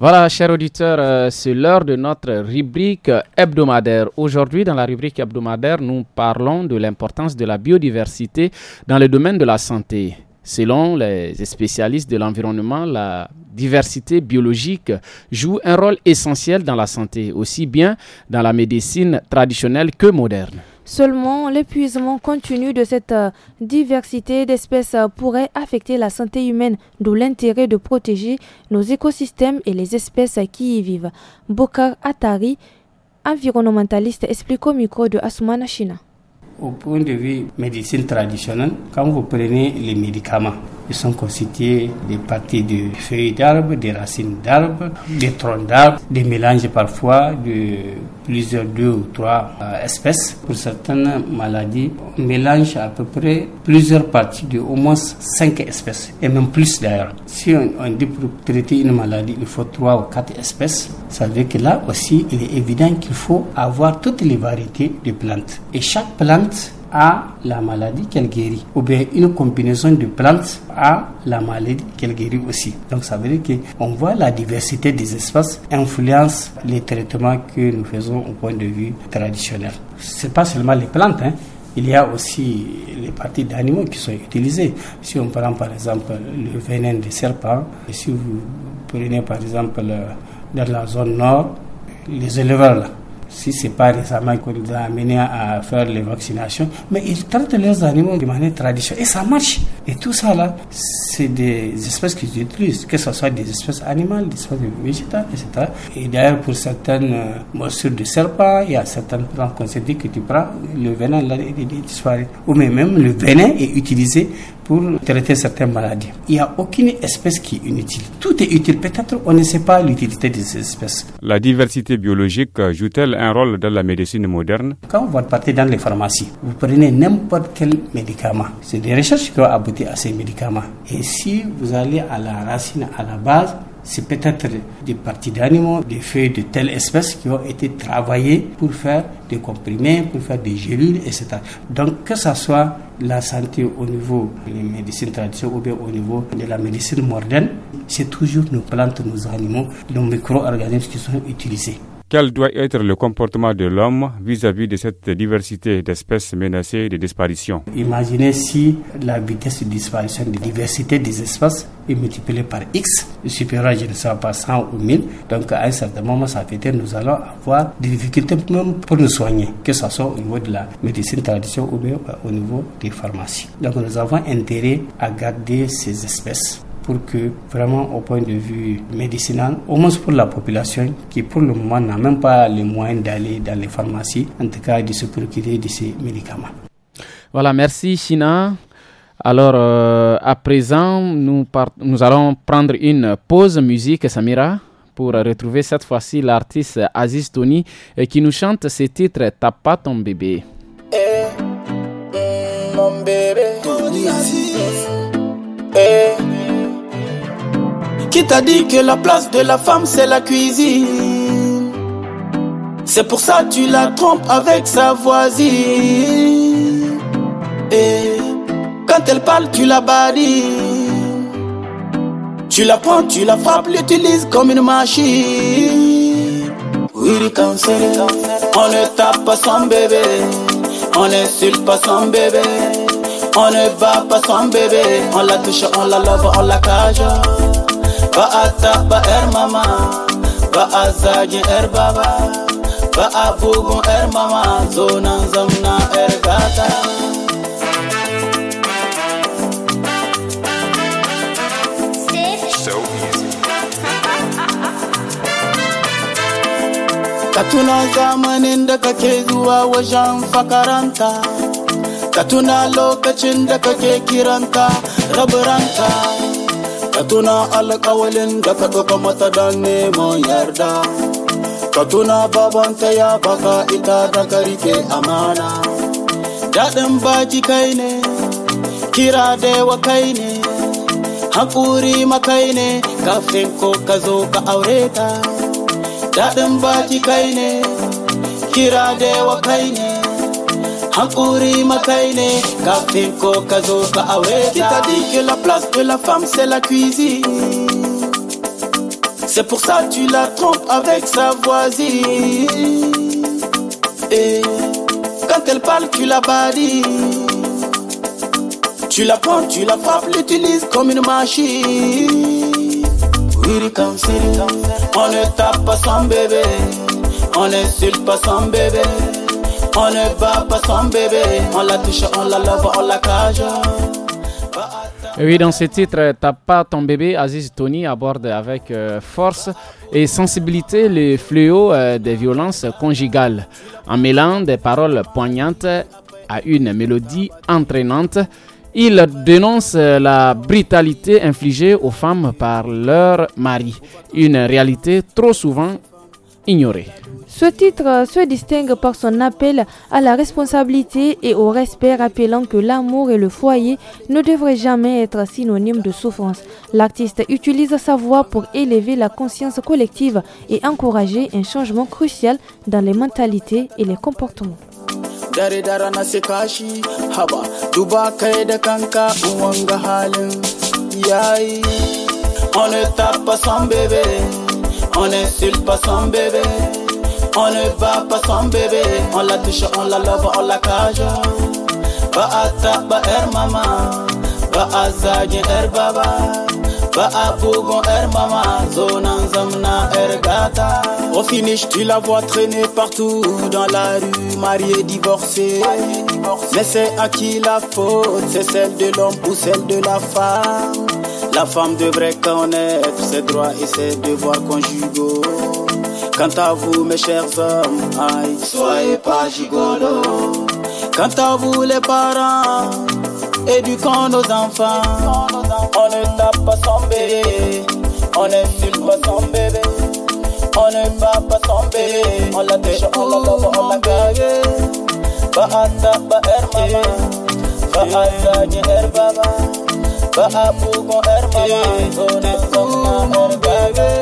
[SPEAKER 2] Voilà, chers auditeurs, euh, c'est l'heure de notre rubrique hebdomadaire. Aujourd'hui, dans la rubrique hebdomadaire, nous parlons de l'importance de la biodiversité dans le domaine de la santé. Selon les spécialistes de l'environnement, la diversité biologique joue un rôle essentiel dans la santé, aussi bien dans la médecine traditionnelle que moderne.
[SPEAKER 1] Seulement, l'épuisement continu de cette euh, diversité d'espèces euh, pourrait affecter la santé humaine, d'où l'intérêt de protéger nos écosystèmes et les espèces qui y vivent. Bokar Atari, environnementaliste, explique au micro de Asumana China.
[SPEAKER 7] Au point de vue médecine traditionnelle, quand vous prenez les médicaments, ils sont constitués des parties de feuilles d'arbres, des racines d'arbres, des troncs d'arbres, des mélanges parfois de plusieurs deux ou trois euh, espèces. Pour certaines maladies, on mélange à peu près plusieurs parties de au moins cinq espèces, et même plus d'ailleurs. Si on, on, dit pour traiter une maladie, il faut trois ou quatre espèces, ça veut dire que là aussi, il est évident qu'il faut avoir toutes les variétés de plantes. Et chaque plante à la maladie qu'elle guérit, ou bien une combinaison de plantes à la maladie qu'elle guérit aussi. Donc ça veut dire qu'on voit la diversité des espaces influence les traitements que nous faisons au point de vue traditionnel. C'est pas seulement les plantes, hein. Il y a aussi les parties d'animaux qui sont utilisées. Si on prend par exemple le venin des serpents, si vous prenez par exemple dans la zone nord, les éleveurs là, si ce n'est pas récemment qu'on les a amenés à faire les vaccinations, mais ils traitent leurs animaux de manière traditionnelle et ça marche. Et tout ça là, c'est des espèces qu'ils utilisent, que ce soit des espèces animales, des espèces végétales, etc. Et d'ailleurs, pour certaines euh, morsures de serpent, il y a certaines plantes qu'on dit que tu prends, le venin là, il disparaît. Ou même le venin est utilisé pour traiter certaines maladies. Il n'y a aucune espèce qui est inutile. Tout est utile. Peut-être on ne sait pas l'utilité de ces espèces. La diversité biologique joue-t-elle un rôle dans la médecine moderne Quand vous partez dans les pharmacies, vous prenez n'importe quel médicament. C'est des recherches qui ont abouti à ces médicaments. Et si vous allez à la racine, à la base, c'est peut-être des parties d'animaux, des feuilles de telle espèce qui ont été travaillées pour faire des comprimés, pour faire des gélules, etc. Donc que ce soit la santé au niveau des médecines traditionnelles ou bien au niveau de la médecine moderne, c'est toujours nos plantes, nos animaux, nos micro-organismes qui sont utilisés. Quel doit être le comportement de l'homme vis-à-vis de cette diversité d'espèces menacées de disparition Imaginez si la vitesse de disparition de diversité des espèces est multipliée par X, supérieure à, ne pas, 100 ou 1000. Donc, à un certain moment, ça fait nous allons avoir des difficultés même pour nous soigner, que ce soit au niveau de la médecine traditionnelle ou au niveau des pharmacies. Donc, nous avons intérêt à garder ces espèces pour que vraiment au point de vue médicinal, au moins pour la population qui pour le moment n'a même pas les moyens d'aller dans les pharmacies, en tout cas de se procurer de ces médicaments.
[SPEAKER 2] Voilà, merci China. Alors, euh, à présent, nous, nous allons prendre une pause musique, Samira, pour retrouver cette fois-ci l'artiste Aziz Tony euh, qui nous chante ce titre T'as pas ton bébé. Eh,
[SPEAKER 8] eh, mon bébé, eh, qui t'a dit que la place de la femme c'est la cuisine C'est pour ça tu la trompes avec sa voisine Et quand elle parle tu la badis Tu la prends, tu la frappes, l'utilises comme une machine Oui, le cancer, on ne tape pas son bébé on n'insulte pas son bébé, on ne va pas son bébé, on la touche, on la lave, on la cage. ba a taba 'yar mama ba a zagi 'yar baba ba a bugun 'yar mama zo nan zamna 'yar gata ka tuna zamanin da kake zuwa wajen fakaranta ka tuna lokacin da kake kiranta raburanta ka tuna alƙawalin da ka ɗauka mata don neman yarda ka tuna babanta ya baka ita da kari rike amana daɗin baji kai ne kira da kai ne haƙuri makai ne kafin ko ka zo ka aure ta daɗin baji kai ne kira da kai ne Makaine, Qui t'a dit que la place de la femme c'est la cuisine C'est pour ça tu la trompes avec sa voisine. Et quand elle parle, tu la badis. Tu la prends, tu la frappes, l'utilises comme une machine. on ne tape pas son bébé, on n'insulte pas son bébé. On ne pas bébé, on la on la on la cage.
[SPEAKER 2] Oui, dans ce titre, T'as pas ton bébé, Aziz Tony aborde avec euh, force et sensibilité les fléaux euh, des violences conjugales en mêlant des paroles poignantes à une mélodie entraînante. Il dénonce euh, la brutalité infligée aux femmes par leur mari, une réalité trop souvent
[SPEAKER 1] ce titre se distingue par son appel à la responsabilité et au respect, rappelant que l'amour et le foyer ne devraient jamais être synonymes de souffrance. L'artiste utilise sa voix pour élever la conscience collective et encourager un changement crucial dans les mentalités et les comportements.
[SPEAKER 8] on ne tape son bébé on n'insulte pas son bébé. On ne va pas son bébé. On la touche, on la lave, on la cage. Ba ata ba er mama, à er baba. à er mama, zonan zamna er gata. Au finish, tu la vois traîner partout dans la rue, mariée, divorcée. Mais c'est à qui la faute, c'est celle de l'homme ou celle de la femme. La femme devrait connaître ses droits et ses devoirs conjugaux. Quant à vous, mes chers hommes, soyez pas gigolo. Quant à vous, les parents, éduquons nos enfants. On ne tape pas son bébé, on n'insulte pas son bébé. On ne va pas son bébé, on la déjà, oh, on la d'abord, on la gagné. Bah atta, bah bah Baha bugon er mama, zonan kong na er gabe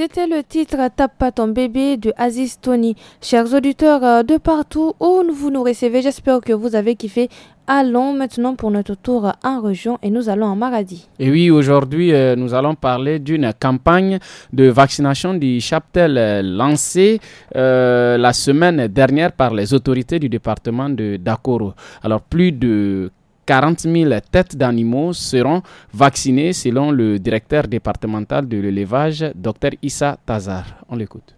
[SPEAKER 1] C'était le titre Tape pas ton bébé de Aziz Tony. Chers auditeurs euh, de partout où vous nous recevez, j'espère que vous avez kiffé. Allons maintenant pour notre tour en région et nous allons en Maradi.
[SPEAKER 2] Et oui, aujourd'hui, euh, nous allons parler d'une campagne de vaccination du chaptel euh, lancée la semaine dernière par les autorités du département de Dakoro. Alors, plus de 40 000 têtes d'animaux seront vaccinées selon le directeur départemental de l'élevage, Dr Issa Tazar. On l'écoute.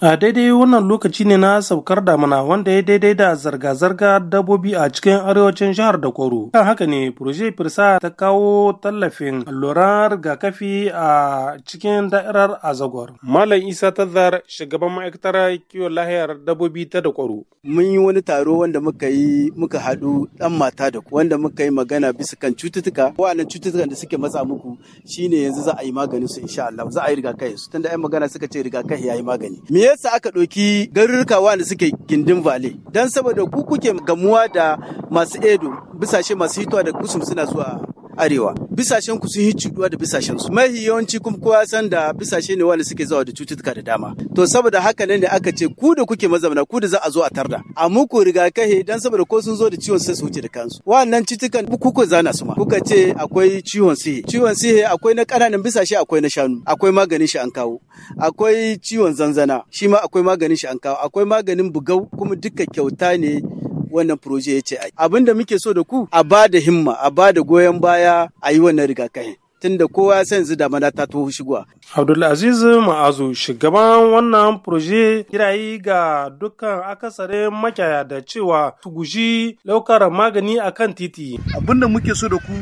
[SPEAKER 9] a daidai wannan lokaci ne na saukar damana wanda ya daidai da zarga-zarga dabobi a cikin arewacin jihar da kwaro kan haka ne proje firsa ta kawo tallafin alluran rigakafi a cikin da'irar azagor malam isa tazar shugaban ma'aikatar kiwon lahiyar dabobi ta da kwaro
[SPEAKER 10] mun yi wani taro wanda muka yi muka haɗu ɗan mata da wanda muka yi magana bisa kan cututtuka wa'annan cututtukan da suke matsa muku shine yanzu za a yi maganin su insha Allah za a yi rigakafi su tunda ai magana suka ce rigakafi yayi magani me yasa aka ɗauki garuruka wanda suke gindin vale don saboda ku kuke gamuwa da masu edo bisashe masu hitowa da kusum suna zuwa arewa bisashen ku sun yi cuduwa da bisashen su mai yawanci kuma kowa san da bisashe ne wanda suke zuwa da cututtuka da dama to saboda haka ne da aka ce ku da kuke mazauna ku da za a zo a tarda a muku rigakafi dan saboda ko sun zo da ciwon sai su wuce da kansu wannan cutukan ku ku zana su ma kuka ce akwai ciwon sihe ciwon sihe akwai na kananan bisashe akwai na shanu akwai maganin shi an kawo akwai ciwon zanzana shi ma akwai maganin shi an kawo akwai maganin bugau kuma duka kyauta ne wannan proje ya ce abin da muke so da ku a ba da himma a ba da goyon baya a yi wannan rigakafi tunda kowa san yanzu mana ta toho shigowa.
[SPEAKER 9] Aziz Ma'azu shugaban wannan proje kirayi ga dukkan akasare makiyaya da cewa su laukar magani akan titi. Abin da muke so da ku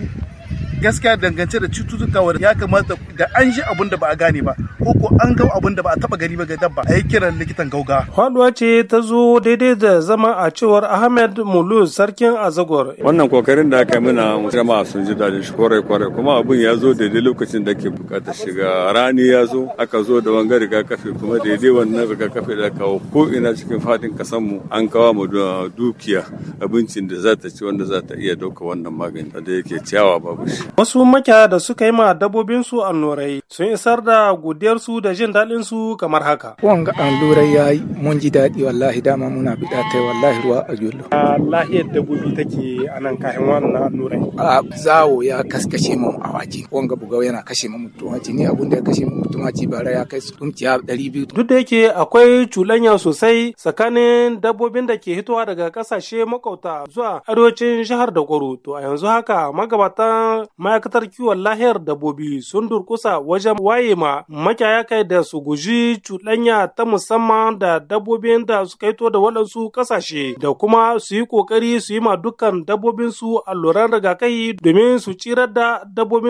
[SPEAKER 9] gaskiya dangance da cututtuka wanda ya kamata da an ji abin da ba a gane ba ko ko
[SPEAKER 10] an ga abin da ba a
[SPEAKER 9] taba gani ba ga dabba a yi kiran likitan gauga. Faduwa ce ta zo daidai da zama a cewar Ahmed Mulu sarkin Azagor.
[SPEAKER 7] Wannan kokarin da aka mina jama'a sun ji daɗin shi kwarai kwarai kuma abun ya zo daidai lokacin da ke bukata shiga rani ya zo aka zo da wanga kafe kuma daidai wannan rigakafi da kawo ko ina cikin fadin mu. an kawo mu dukiya abincin da za ta ci wanda za ta iya dauka wannan magani da yake ciyawa
[SPEAKER 11] babu
[SPEAKER 9] shi. Wasu maka da suka yi ma dabbobinsu allurai sun isar da godiyarsu da jin su kamar haka.
[SPEAKER 11] ga allurai ya yi mun ji daɗi wallahi dama muna biɗa ta wallahi ruwa a jullo. A lahiyar dabbobi take a nan kayan wannan allurai. A zawo ya kaskashe mu a waje. ga bugawa yana kashe mu mutum haji ne abun da ya kashe mu mutum haji bara ya
[SPEAKER 9] kai tumciya ɗari biyu. Duk da yake akwai cuɗanya sosai tsakanin dabbobin da ke hitowa daga ƙasashe makauta zuwa arewacin jihar Dakoro to a yanzu haka magabatan ma'aikatar kiwon lahiyar dabbobi sun durkusa wajen waye ma makiyaya kai da su guji cuɗanya ta musamman da dabbobin da su kaito da waɗansu ƙasashe da kuma su yi ƙoƙari su yi ma dukkan dabbobinsu alluran rigakafi domin su cirar da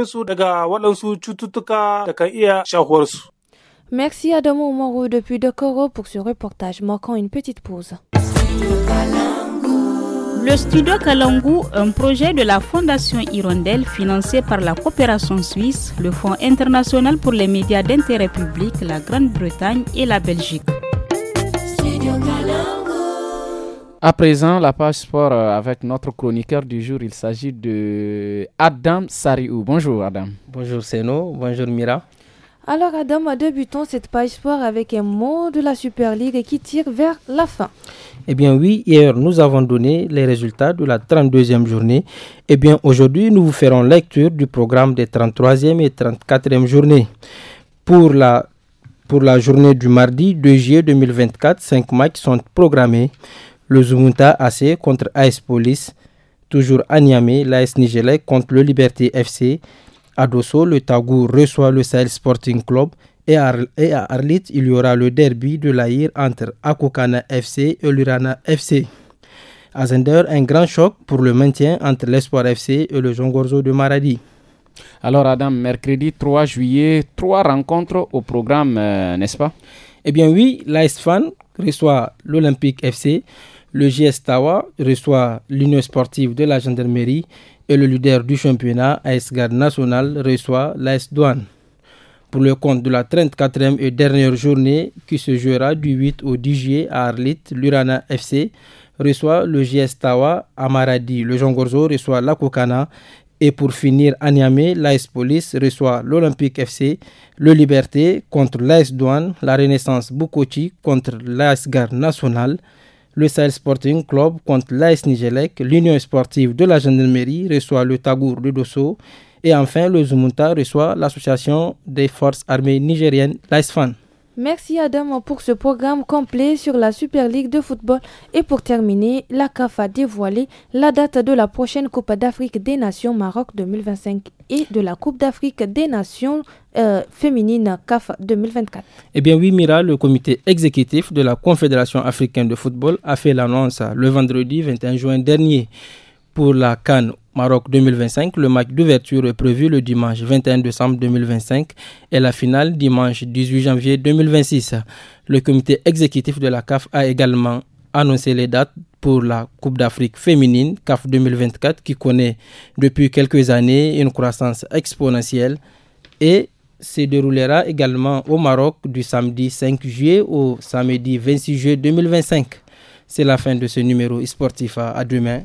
[SPEAKER 9] su daga waɗansu cututtuka da kan iya shahuwar su.
[SPEAKER 1] Merci Adamu umaru depuis Dokoro pour ce reportage marquant une petite pause.
[SPEAKER 3] Le studio Kalangu, un projet de la Fondation Hirondelle financé par la coopération suisse, le Fonds international pour les médias d'intérêt public, la Grande-Bretagne et la Belgique.
[SPEAKER 2] À présent, la page sport euh, avec notre chroniqueur du jour. Il s'agit de Adam Sariou. Bonjour Adam. Bonjour Seno. Bonjour Mira.
[SPEAKER 1] Alors Adam, débutons cette page sport avec un mot de la Super League qui tire vers la fin.
[SPEAKER 12] Eh bien oui, hier nous avons donné les résultats de la 32e journée. Eh bien aujourd'hui nous vous ferons lecture du programme des 33e et 34e journées. Pour la, pour la journée du mardi 2 juillet 2024, 5 matchs sont programmés. Le Zumunta AC contre AS Police, toujours à Niamey, l'AS Nigélec contre le Liberté FC. À le Tagou reçoit le Sahel Sporting Club et à, Arlit, il y aura le derby de l'Aïr entre Akokana FC et l'Urana FC. À Zender, un grand choc pour le maintien entre l'Espoir FC et le Jongorzo de
[SPEAKER 2] Maradi. Alors Adam, mercredi 3 juillet, trois rencontres au programme, euh, n'est-ce pas Eh bien oui, Fan reçoit l'Olympique FC,
[SPEAKER 12] le JS Tawa reçoit l'Union sportive de la gendarmerie et le leader du championnat, AS Garde National, reçoit l'AS Douane pour le compte de la 34e et dernière journée qui se jouera du 8 au 10 juillet à Arlit, l'Urana FC reçoit le JS Tawa à Maradi, le Jongorzo reçoit la Kokana et pour finir à Niamey, l'AS Police reçoit l'Olympique FC, le Liberté contre l'AS Douane, la Renaissance Bukoti contre l'AS Gare Nationale le Sahel Sporting Club contre l'AS Nigelec, l'Union sportive de la gendarmerie reçoit le Tagour de Dosso et enfin, le Zumunta reçoit l'association des forces armées nigériennes, l'ISFAN.
[SPEAKER 1] Merci Adam pour ce programme complet sur la Super League de football. Et pour terminer, la CAF a dévoilé la date de la prochaine Coupe d'Afrique des Nations Maroc 2025 et de la Coupe d'Afrique des Nations euh, féminines CAF 2024.
[SPEAKER 12] Eh bien oui, Mira, le comité exécutif de la Confédération africaine de football a fait l'annonce le vendredi 21 juin dernier pour la Cannes Maroc 2025. Le match d'ouverture est prévu le dimanche 21 décembre 2025 et la finale dimanche 18 janvier 2026. Le comité exécutif de la CAF a également annoncé les dates pour la Coupe d'Afrique féminine CAF 2024 qui connaît depuis quelques années une croissance exponentielle et se déroulera également au Maroc du samedi 5 juillet au samedi 26 juillet 2025. C'est la fin de ce numéro sportif. À demain.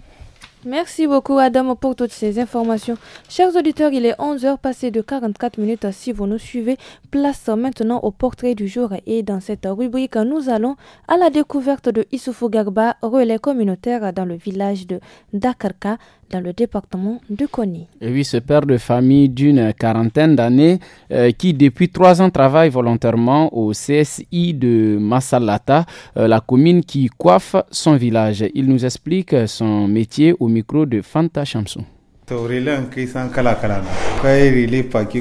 [SPEAKER 1] Merci beaucoup Adam pour toutes ces informations. Chers auditeurs, il est 11h passé de 44 minutes. Si vous nous suivez, place maintenant au portrait du jour. Et dans cette rubrique, nous allons à la découverte de Issoufou Garba, relais communautaire dans le village de Dakarka dans le département de Kony.
[SPEAKER 2] Et oui, ce père de famille d'une quarantaine d'années euh, qui depuis trois ans travaille volontairement au CSI de Massalata, euh, la commune qui coiffe son village. Il nous explique son métier au micro de Fanta Chamsou.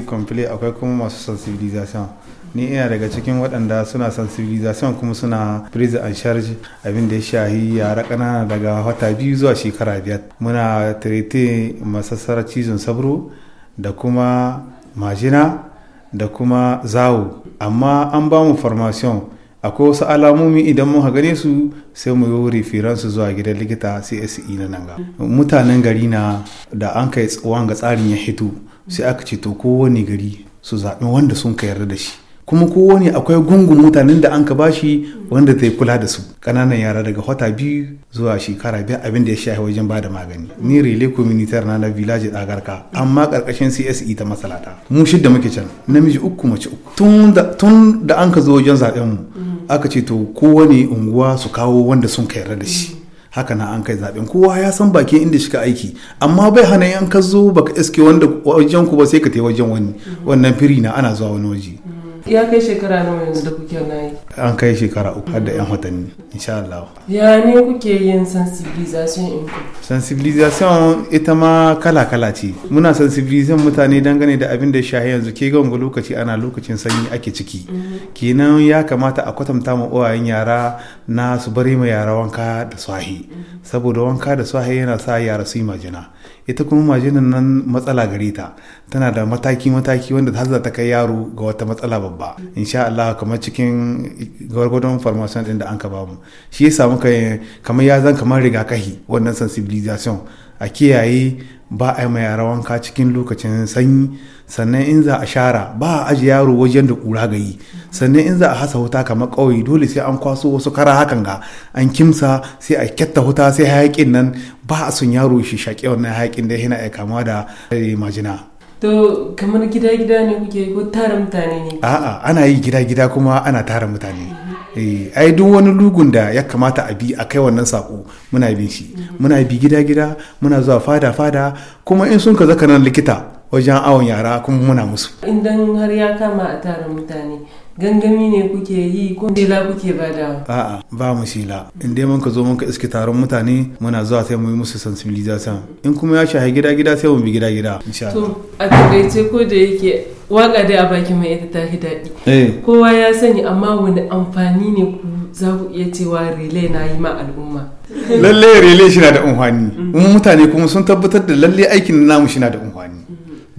[SPEAKER 11] complet ni ina daga cikin waɗanda suna sensibilization kuma suna prison and charge abin da ya shahi yara ƙanana daga wata biyu zuwa shekara biyar muna tarete masassarar cizon sabro da kuma majina da kuma zawo amma an ba mu formation akwai wasu alamomi idan mun gane su sai mu yi wuri su zuwa gidan likita CSE na nanga. mutanen gari na da an kai tsawon ga tsarin ya hito sai aka ce to kowane gari su zaɓi wanda sun ka yarda da shi kuma kowane akwai gungun mutanen da an ka bashi wanda zai kula da su kananan yara daga wata biyu zuwa shekara biyar abin da ya shafi wajen ba da magani ni rele communitar na na village dagarka amma karkashin CSE ta masalata mu shidda muke can namiji uku mace uku tun da an ka zo wajen zaɓen mu mm. aka ce to kowane unguwa su kawo wanda sun ka yarda da shi mm. haka na an kai zaben kowa ya san baki inda shi ka aiki amma bai hana yan ka zo baka iske wanda wajen ku ba sai ka tai wajen wani mm. wannan firi na ana zuwa wani waje
[SPEAKER 13] ya kai shekara nawa yanzu da kuke na yi
[SPEAKER 11] an kai shekara uku har da yan watanni insha Allah
[SPEAKER 13] ya ne kuke yin sensibilization in ku
[SPEAKER 11] sensibilization ita ma kala kala ce muna sensibilization mutane dangane da abin da shahi yanzu ke ga lokaci ana lokacin sanyi ake ciki mm-hmm. kenan ya kamata a kwatanta ma uwayen yara na su bari ma yara wanka da swahi mm-hmm. saboda wanka da swahi yana sa yara su yi majina ita kuma majinan nan matsala gare ta tana da mataki-mataki wanda ta zata kai yaro ga wata matsala babba insha Allah kamar cikin gwargwadon formation din da an ka bamu shi ya samu kamar ya zan kamar rigakahi wannan sensibilization a kiyaye ba a yi ma yara wanka cikin lokacin sanyi sannan in za a shara ba a aji yaro wajen da kura ga yi sannan in za a hasa wuta kamar ƙauye dole sai an kwaso wasu kara hakan ga an kimsa sai a kyatta wuta sai hayakin nan ba a son yaro shi shaƙe wannan hayakin da yana iya kama da eh, majina
[SPEAKER 13] to kamar gida gida ne kuke ko tara mutane ne
[SPEAKER 11] a'a ana yi gida gida kuma ana tara mutane eh, ai duk wani lugun da ya kamata a bi a kai wannan sako muna bin shi muna bi gida gida muna zuwa fada fada kuma in sun ka zaka nan likita wajen awon yara kuma muna musu
[SPEAKER 13] idan har ya kama a tara mutane gangami ne kuke yi ko shila kuke bada
[SPEAKER 11] a'a ba mu shila in dai mun ka zo mun ka iske taron mutane muna zuwa sai mu yi musu sensibilization in kuma ya shahi gida gida sai mu bi gida gida insha Allah
[SPEAKER 13] to a takaice ko da yake waka dai a bakin mai ita ta daɗi eh. kowa ya sani amma wani amfani ne ku za ku iya cewa relay na yi ma al'umma lalle relay shi
[SPEAKER 11] na da amfani mutane kuma sun tabbatar da lalle aikin namu shi na da amfani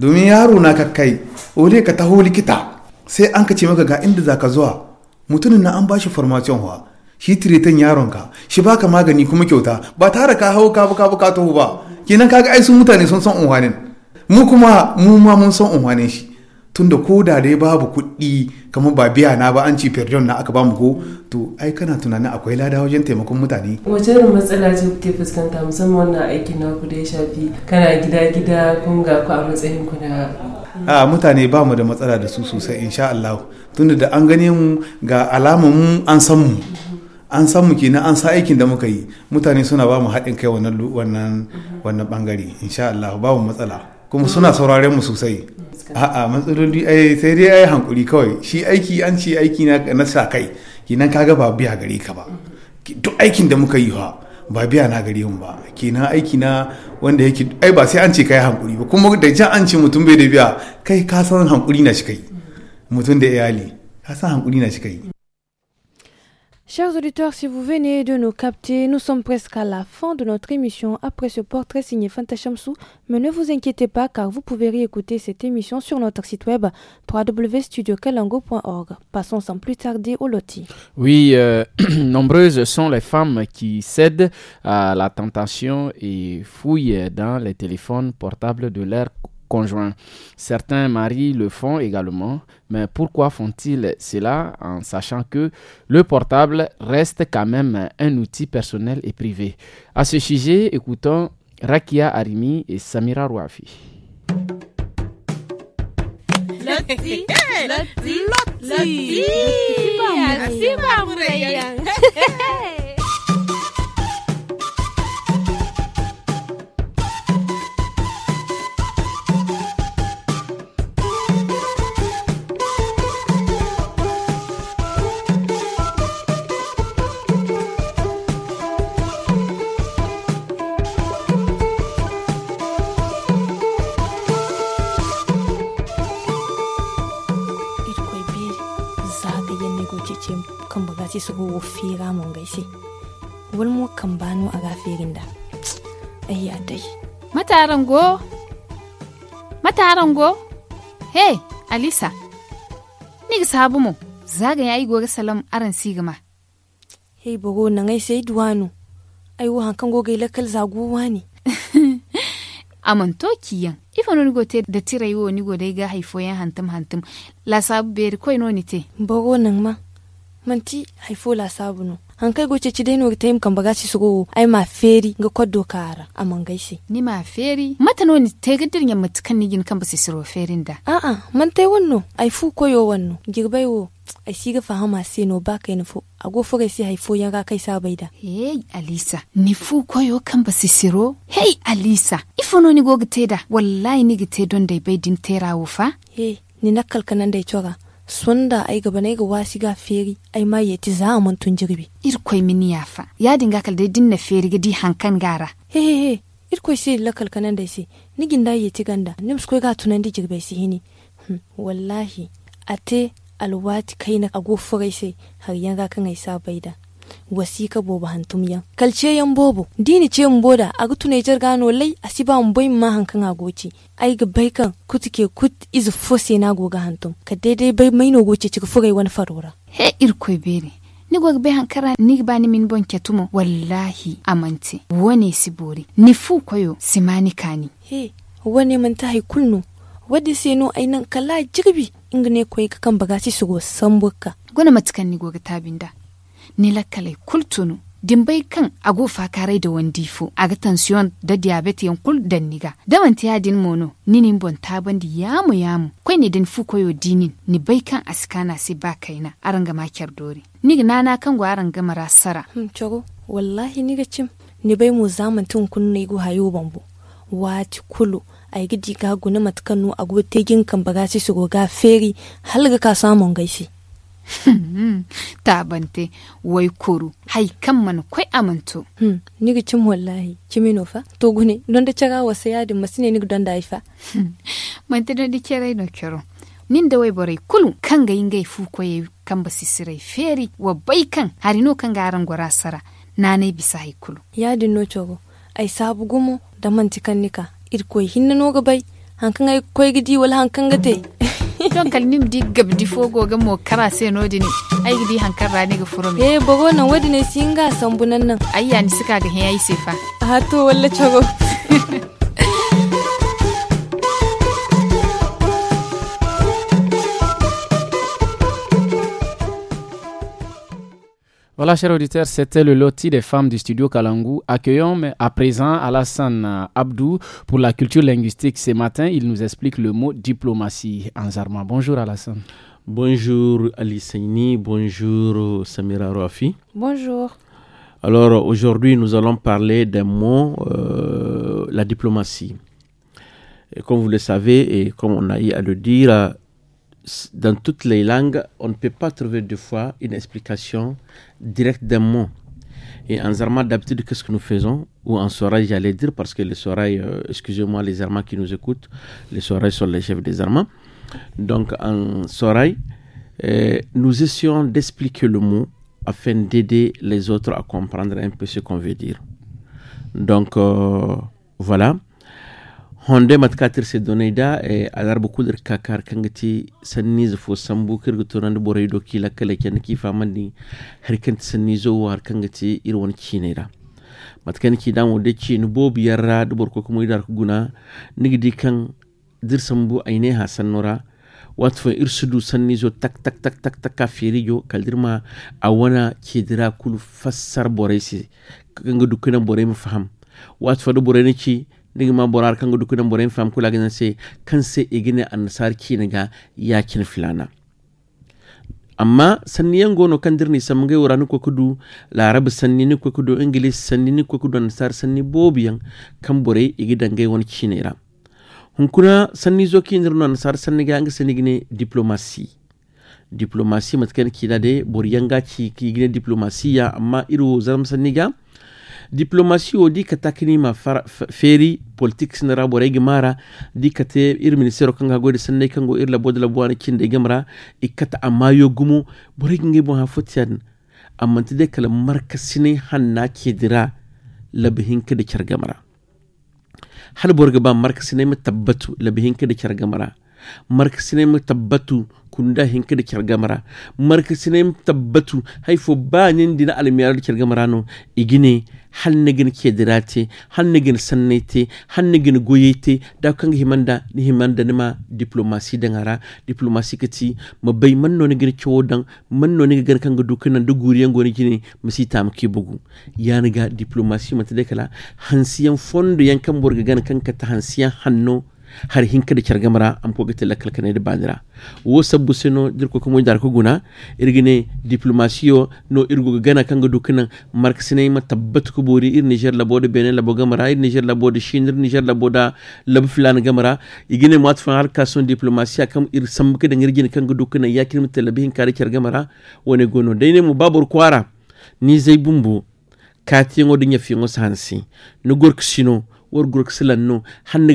[SPEAKER 11] domin yaro na ka kai ole ka taho likita sai an ka ce maka ga inda za ka zuwa mutumin na an bashi farmacin wa shi yaron yaronka shi baka magani kuma kyauta ba tare ka hau ka buka buka taho ba kenan kaga ai su mutane sun san unwanin mu kuma mu ma mun san unwanin shi tunda ko da dai babu kuɗi kamar ba biya na ba an ci perjon na aka bamu ko to ai kana tunanin akwai lada wajen taimakon mutane
[SPEAKER 13] wace irin matsala ce kuke fuskanta musamman wannan aikin na ku da ya shafi kana gida gida kun ga ku a matsayin ku na a
[SPEAKER 11] mutane ba mu da matsala da su sosai insha Allah tunda da an gane mu ga alamun an san mu an san mu kenan an sa aikin da muka yi mutane suna ba mu haɗin kai wannan wannan wannan bangare insha Allah ba mu matsala kuma suna sauraren mu sosai a'a matsaloli ai sai dai ai hankuri kawai shi aiki an ce aiki na na sa kai kenan kaga ba biya gare ka ba duk aikin da muka yi ha ba biya na gare mu ba kenan aiki na wanda yake ai ba sai an ce kai hankuri ba kuma da jan an ce mutum bai da biya kai ka san hankuri na shi kai mutum da iyali ka san hankuri na shi kai
[SPEAKER 1] Chers auditeurs, si vous venez de nous capter, nous sommes presque à la fin de notre émission après ce portrait signé Fanta Shamsou, mais ne vous inquiétez pas car vous pouvez réécouter cette émission sur notre site web www.studiocalango.org. Passons sans plus tarder au loti.
[SPEAKER 2] Oui, euh, nombreuses sont les femmes qui cèdent à la tentation et fouillent dans les téléphones portables de leur conjoint. Certains maris le font également, mais pourquoi font-ils cela en sachant que le portable reste quand même un outil personnel et privé À ce sujet, écoutons Rakia Arimi et Samira Rouafi.
[SPEAKER 1] ti sugu wo fira mon gaisi wal mu kan banu a gafirin da ayya dai
[SPEAKER 14] mataran go mataran go he alisa ni ga sabu mu zaga yayi gore salam aran sigma he bogo nan ai sai duwanu ai wo hankan go ga lakal zaguwa ne aman tokiyan ifa no nigo te da tirai wo nigo dai ga haifo yan hantum hantum la sabu ber koi no ni te bogo nan
[SPEAKER 1] ma manti haifola sabunu hankai goce ci dai ta tayim kan baga ci sugo ai ma
[SPEAKER 14] feri ga koddo kara a mangaise ni ma feri mata noni ni tay gaddir nyam ni gin kan basi siro ferin da
[SPEAKER 1] a'a a man tay wonno ai fu koyo wonno girbai wo ai si ga fahama sai no ba kai nufo a go fure sai fo yan kai sabai da hey alisa
[SPEAKER 14] ni fu koyo kan basi siro hey alisa ifo no ni go gite da wallahi ni gite don dai bai din tera wufa? hey ni nakal kanan dai cora sunda ai gaba ne ga wasi ga feri ai ma ya za zaman tun jirbi irkoi mini fa ya dinga kal dai dinna feri di hankan gara
[SPEAKER 1] he he he irkoi si lakal kanan da ni nigin da ci ganda ni musko ga tunan di jirbe si hini hmm, wallahi ate alwati kai na ago sai har yanga kan ai sabai da wasika hantum hantumya kalce yan bobo dini ce boda a gutu ne gano lai a si mun bai ma hankan agoci ai ga bai kan kutike kut is fose na goga hantum ka daidai bai mai no goce cika fugai wani farora
[SPEAKER 14] he irkoi bere ni gwag bai hankara ni ba ni min bon ketumo wallahi amante wone sibori ni fu koyo simani kani
[SPEAKER 1] he wone man hai kullu wadi no ainan kala jirbi ne koyi kakan bagasi go sambuka
[SPEAKER 14] gona matukan ni goga tabinda ni la kultunu dimbai kan ago fakarai da wandifo aga tansiyon da diabetes yan kul dan niga daman ta yadin mono ni nin bon taban di yamu yamu kwai ne din fu koyo dinin ni bai kan askana sai ba kaina aranga makiyar dori ni na kan go aranga marasara hmm, chogo wallahi ni ga cim
[SPEAKER 1] ni bai mu zaman tun kun go hayo bambo wati kulu ai gidi ga guna matkanu ago tegin kan baga su go feri halga ka samun gaisi
[SPEAKER 14] bante wai kuru hai kan man kwai amanto ni ga cin wallahi kimi fa to gune don da cara wasa yadin masine nigi don da haifa hmm, man ta don da kera no kero nin da wai barai kulu kan ga ingai fu koye kan basisirai feri wa bai kan no kan ga aran gwara sara na ne bisa hai kulu yadin no chogo ai sabu gumo da mantikan nika irkoi hinna no hankan ai koy wala hankan don kalnim di gabdi fogo ga mo kara se no dini ai gidi hankar rani ga furo eh bogo nan wadi ne singa sambunan nan ayya ni suka ga yayi sefa
[SPEAKER 1] ha to walla chogo
[SPEAKER 2] Voilà, chers auditeurs, c'était le loti des femmes du studio Kalangou. Accueillons à présent Alassane Abdou pour la culture linguistique. Ce matin, il nous explique le mot diplomatie en zarma. Bonjour Alassane. Bonjour Alissani,
[SPEAKER 15] bonjour Samira Rafi.
[SPEAKER 2] Bonjour.
[SPEAKER 15] Alors aujourd'hui, nous allons parler des mots, euh, la diplomatie. comme vous le savez et comme on a eu à le dire, dans toutes les langues, on ne peut pas trouver deux fois une explication directe d'un mot. Et en Zarma, d'habitude, qu'est-ce que nous faisons Ou en Sorail, j'allais dire, parce que les Sorail, euh, excusez-moi les Zarma qui nous écoutent, les Sorail sont les chefs des Zarma. Donc en Sorail, euh, nous essayons d'expliquer le mot afin d'aider les autres à comprendre un peu ce qu'on veut dire. Donc euh, voilà. Hondee matkaa tirsee doneedaa eh, alaarba kulir kakar kangatii sanniiza fo sambuu kirgitoonaan boreedoo kii lakka lakyan kii faamandi harkanti sanniizoo waar kangatii irwan kiineedha. Matkan kiidaan wadde kiin boob yarraa dhuborko kumuu idaar gunaa nigdii kan dir sambuu aynee haasannoraa watu fan irsudu sanniizoo tak tak tak tak tak kaa feeriijoo kaldirmaa awwana kiidiraa kulu fassar boreesi kanga dukkana boree faham watu fadhu boree ni ci. nigma borar kango dukuna boren fam kula gina se kanse igine annasar kiniga yakin filana amma sanni yan gono kan ni samngai wura ni kudu larab sanni ni kudu ingilis sanni ni kudu ansar sanni bobiyan kan bore igi dangai wani kinera hunkuna sanni zo kinir no ansar sanni ga anga sanni gine diplomasi diplomasi matkan kida de bor yanga ki diplomasi ya amma iru zaram sanni ga diplomasi o di ka kini ma feri politik na rabo regi mara di ka te ir ministero kanga gode sanne kango ir labo da labo ana kinde gamra ikata amayo gumu boregi nge bon ha fotian amma tide kala sine hanna kedira labihin ka da kyar gamara hal borga ba markasine mu tabbatu labihin ka da kyar gamara markasine mu tabbatu kunda hinka da kirgamara marka sinem tabbatu haifo ba nin dina almiyar kirgamara no igine hannigin kedirate hannigin sannete hannigin te da kan himanda ni himanda nima diplomasi ngara diplomasi kati man manno ni gin cewodan manno ni gani kan gudu kan da yan gani gini musi ta muke bugu ya ga diplomasi mata da kala hansiyan fondo yan kan burga gani kan ka ta hansiyan hannu. har hinka da kyargamara am ko gete lakkal da bandira wo sabbu sino jirko ko mun dar ko guna irgine diplomasiyo no irgo gana kanga dukkanan mark sinay ma tabbat ko bori ir niger la bodo benen la boga mara ir niger la bodo chine niger la boda lab filan gamara igine mat fan har ka son diplomasiya kam ir sambuke da ngirgine kanga dukkanan yakin mutalabihin kare kyargamara wone gono ne mu babur kwara ni zai bumbu katiyan wadin fi fiye wasu hansi sino wor gurgsilanno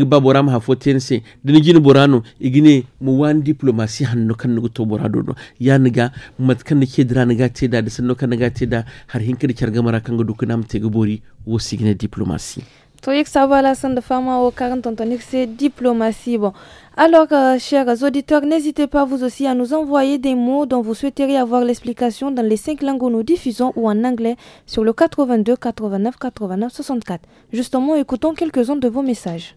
[SPEAKER 15] ba boram hafotense dinijin borano igine mu wan diplomasi hanno kannigu to borado boradono yaniga mat kanni kedraniga teda disanno kanniga teda har hinkadi cargamara kanga dukunam tege bori wo sigine diplomasi
[SPEAKER 1] va savala fama diplomatie bon alors, euh, chers auditeurs, n'hésitez pas vous aussi à nous envoyer des mots dont vous souhaiteriez avoir l'explication dans les cinq langues où nous diffusons ou en anglais sur le 82 89 89 64. Justement, écoutons quelques-uns de vos messages.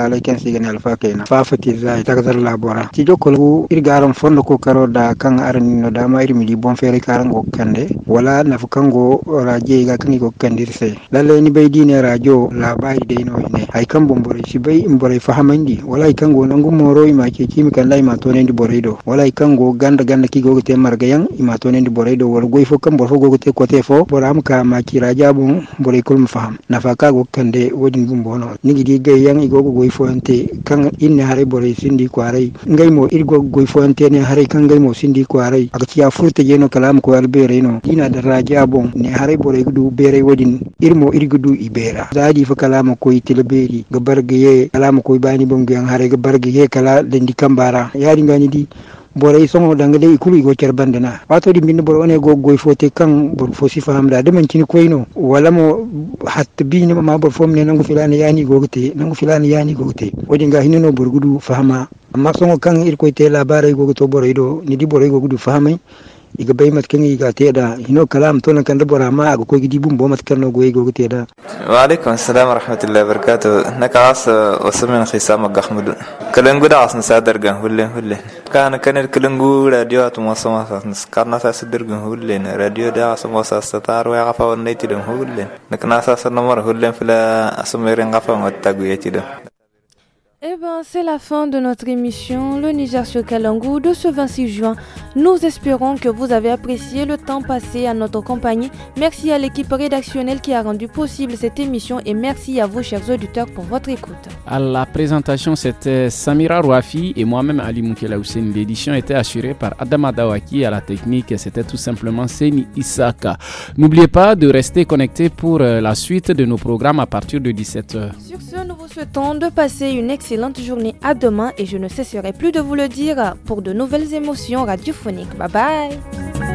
[SPEAKER 16] sala ken sigani alfa kena fa fati zai e takzar labora ti jokol bu irgaran fondo ko karo da kan arani no dama iri midi bon fere karango kande wala nafu kango raje ga kan go kandirse lalle ni bay dine rajo bay de no ne ay kan bombore shi bai imbore fahamandi wala ay kan go nan moro ima ke mi kan lay ma tonen di bore do wala ay kan go ganda ganda ki go te yang ima tonen di bore do wala go fo kan fo go te ko te fo boram ka ma ki raja bun bore kul mu faham fa ka go kande wodin ni gi di gayan igogo go goyfoante kan ne haray boray sindi kwaray ngay mo irgo goyfoante ne haray kan ngay mo sindi kwarai akati ya furte jeno kalam ko albere no dina da raja bon ne hare bore gudu bere wadin irmo irgudu ibera zadi fa kalam ko itilberi gabarge ye kalam ko bani bon gyan hare gabarge ye kala dendi kambara yari ngani di i i isongo dangale ikulu igo cerbandena wato di minne bora one go goy fo fote kan bor fosi fahamda de mancini koy no wala mo hatta bi ne ma bor fomne nangu filani yani gogte nangu filani yani gogte wodi nga hinno bor gudu fahama amma songo kan ir koyte labara igo to bora ido ni di bora igo gudu fahamay iga baymad kan iga teda hino kalam to nan kan dabora ma aga ko gidi bumbo mat kan no go igo teda
[SPEAKER 4] wa alaikum assalam wa rahmatullahi wa barakatuh nakaas wasmin khisam gahmud kalangu da asna sadar gan hulle hulle kana kan kalangu radio at mosama sa karna sa sadar gan hulle radio da asma sa satar wa gafa wa nayti dan hulle nakna sa sa namar hulle fila asmirin gafa wa taguyati da
[SPEAKER 1] Eh bien, c'est la fin de notre émission Le Niger sur Kalangou de ce 26 juin. Nous espérons que vous avez apprécié le temps passé à notre compagnie. Merci à l'équipe rédactionnelle qui a rendu possible cette émission et merci à vous, chers auditeurs, pour votre écoute.
[SPEAKER 2] À la présentation, c'était Samira Rouafi et moi-même Ali Moukela Hussein. L'édition était assurée par Adama Dawaki à la technique. C'était tout simplement Seni Isaka. N'oubliez pas de rester connecté pour euh, la suite de nos programmes à partir de 17h.
[SPEAKER 1] Sur ce, nous vous souhaitons de passer une excellente excellente journée à demain et je ne cesserai plus de vous le dire pour de nouvelles émotions radiophoniques. Bye bye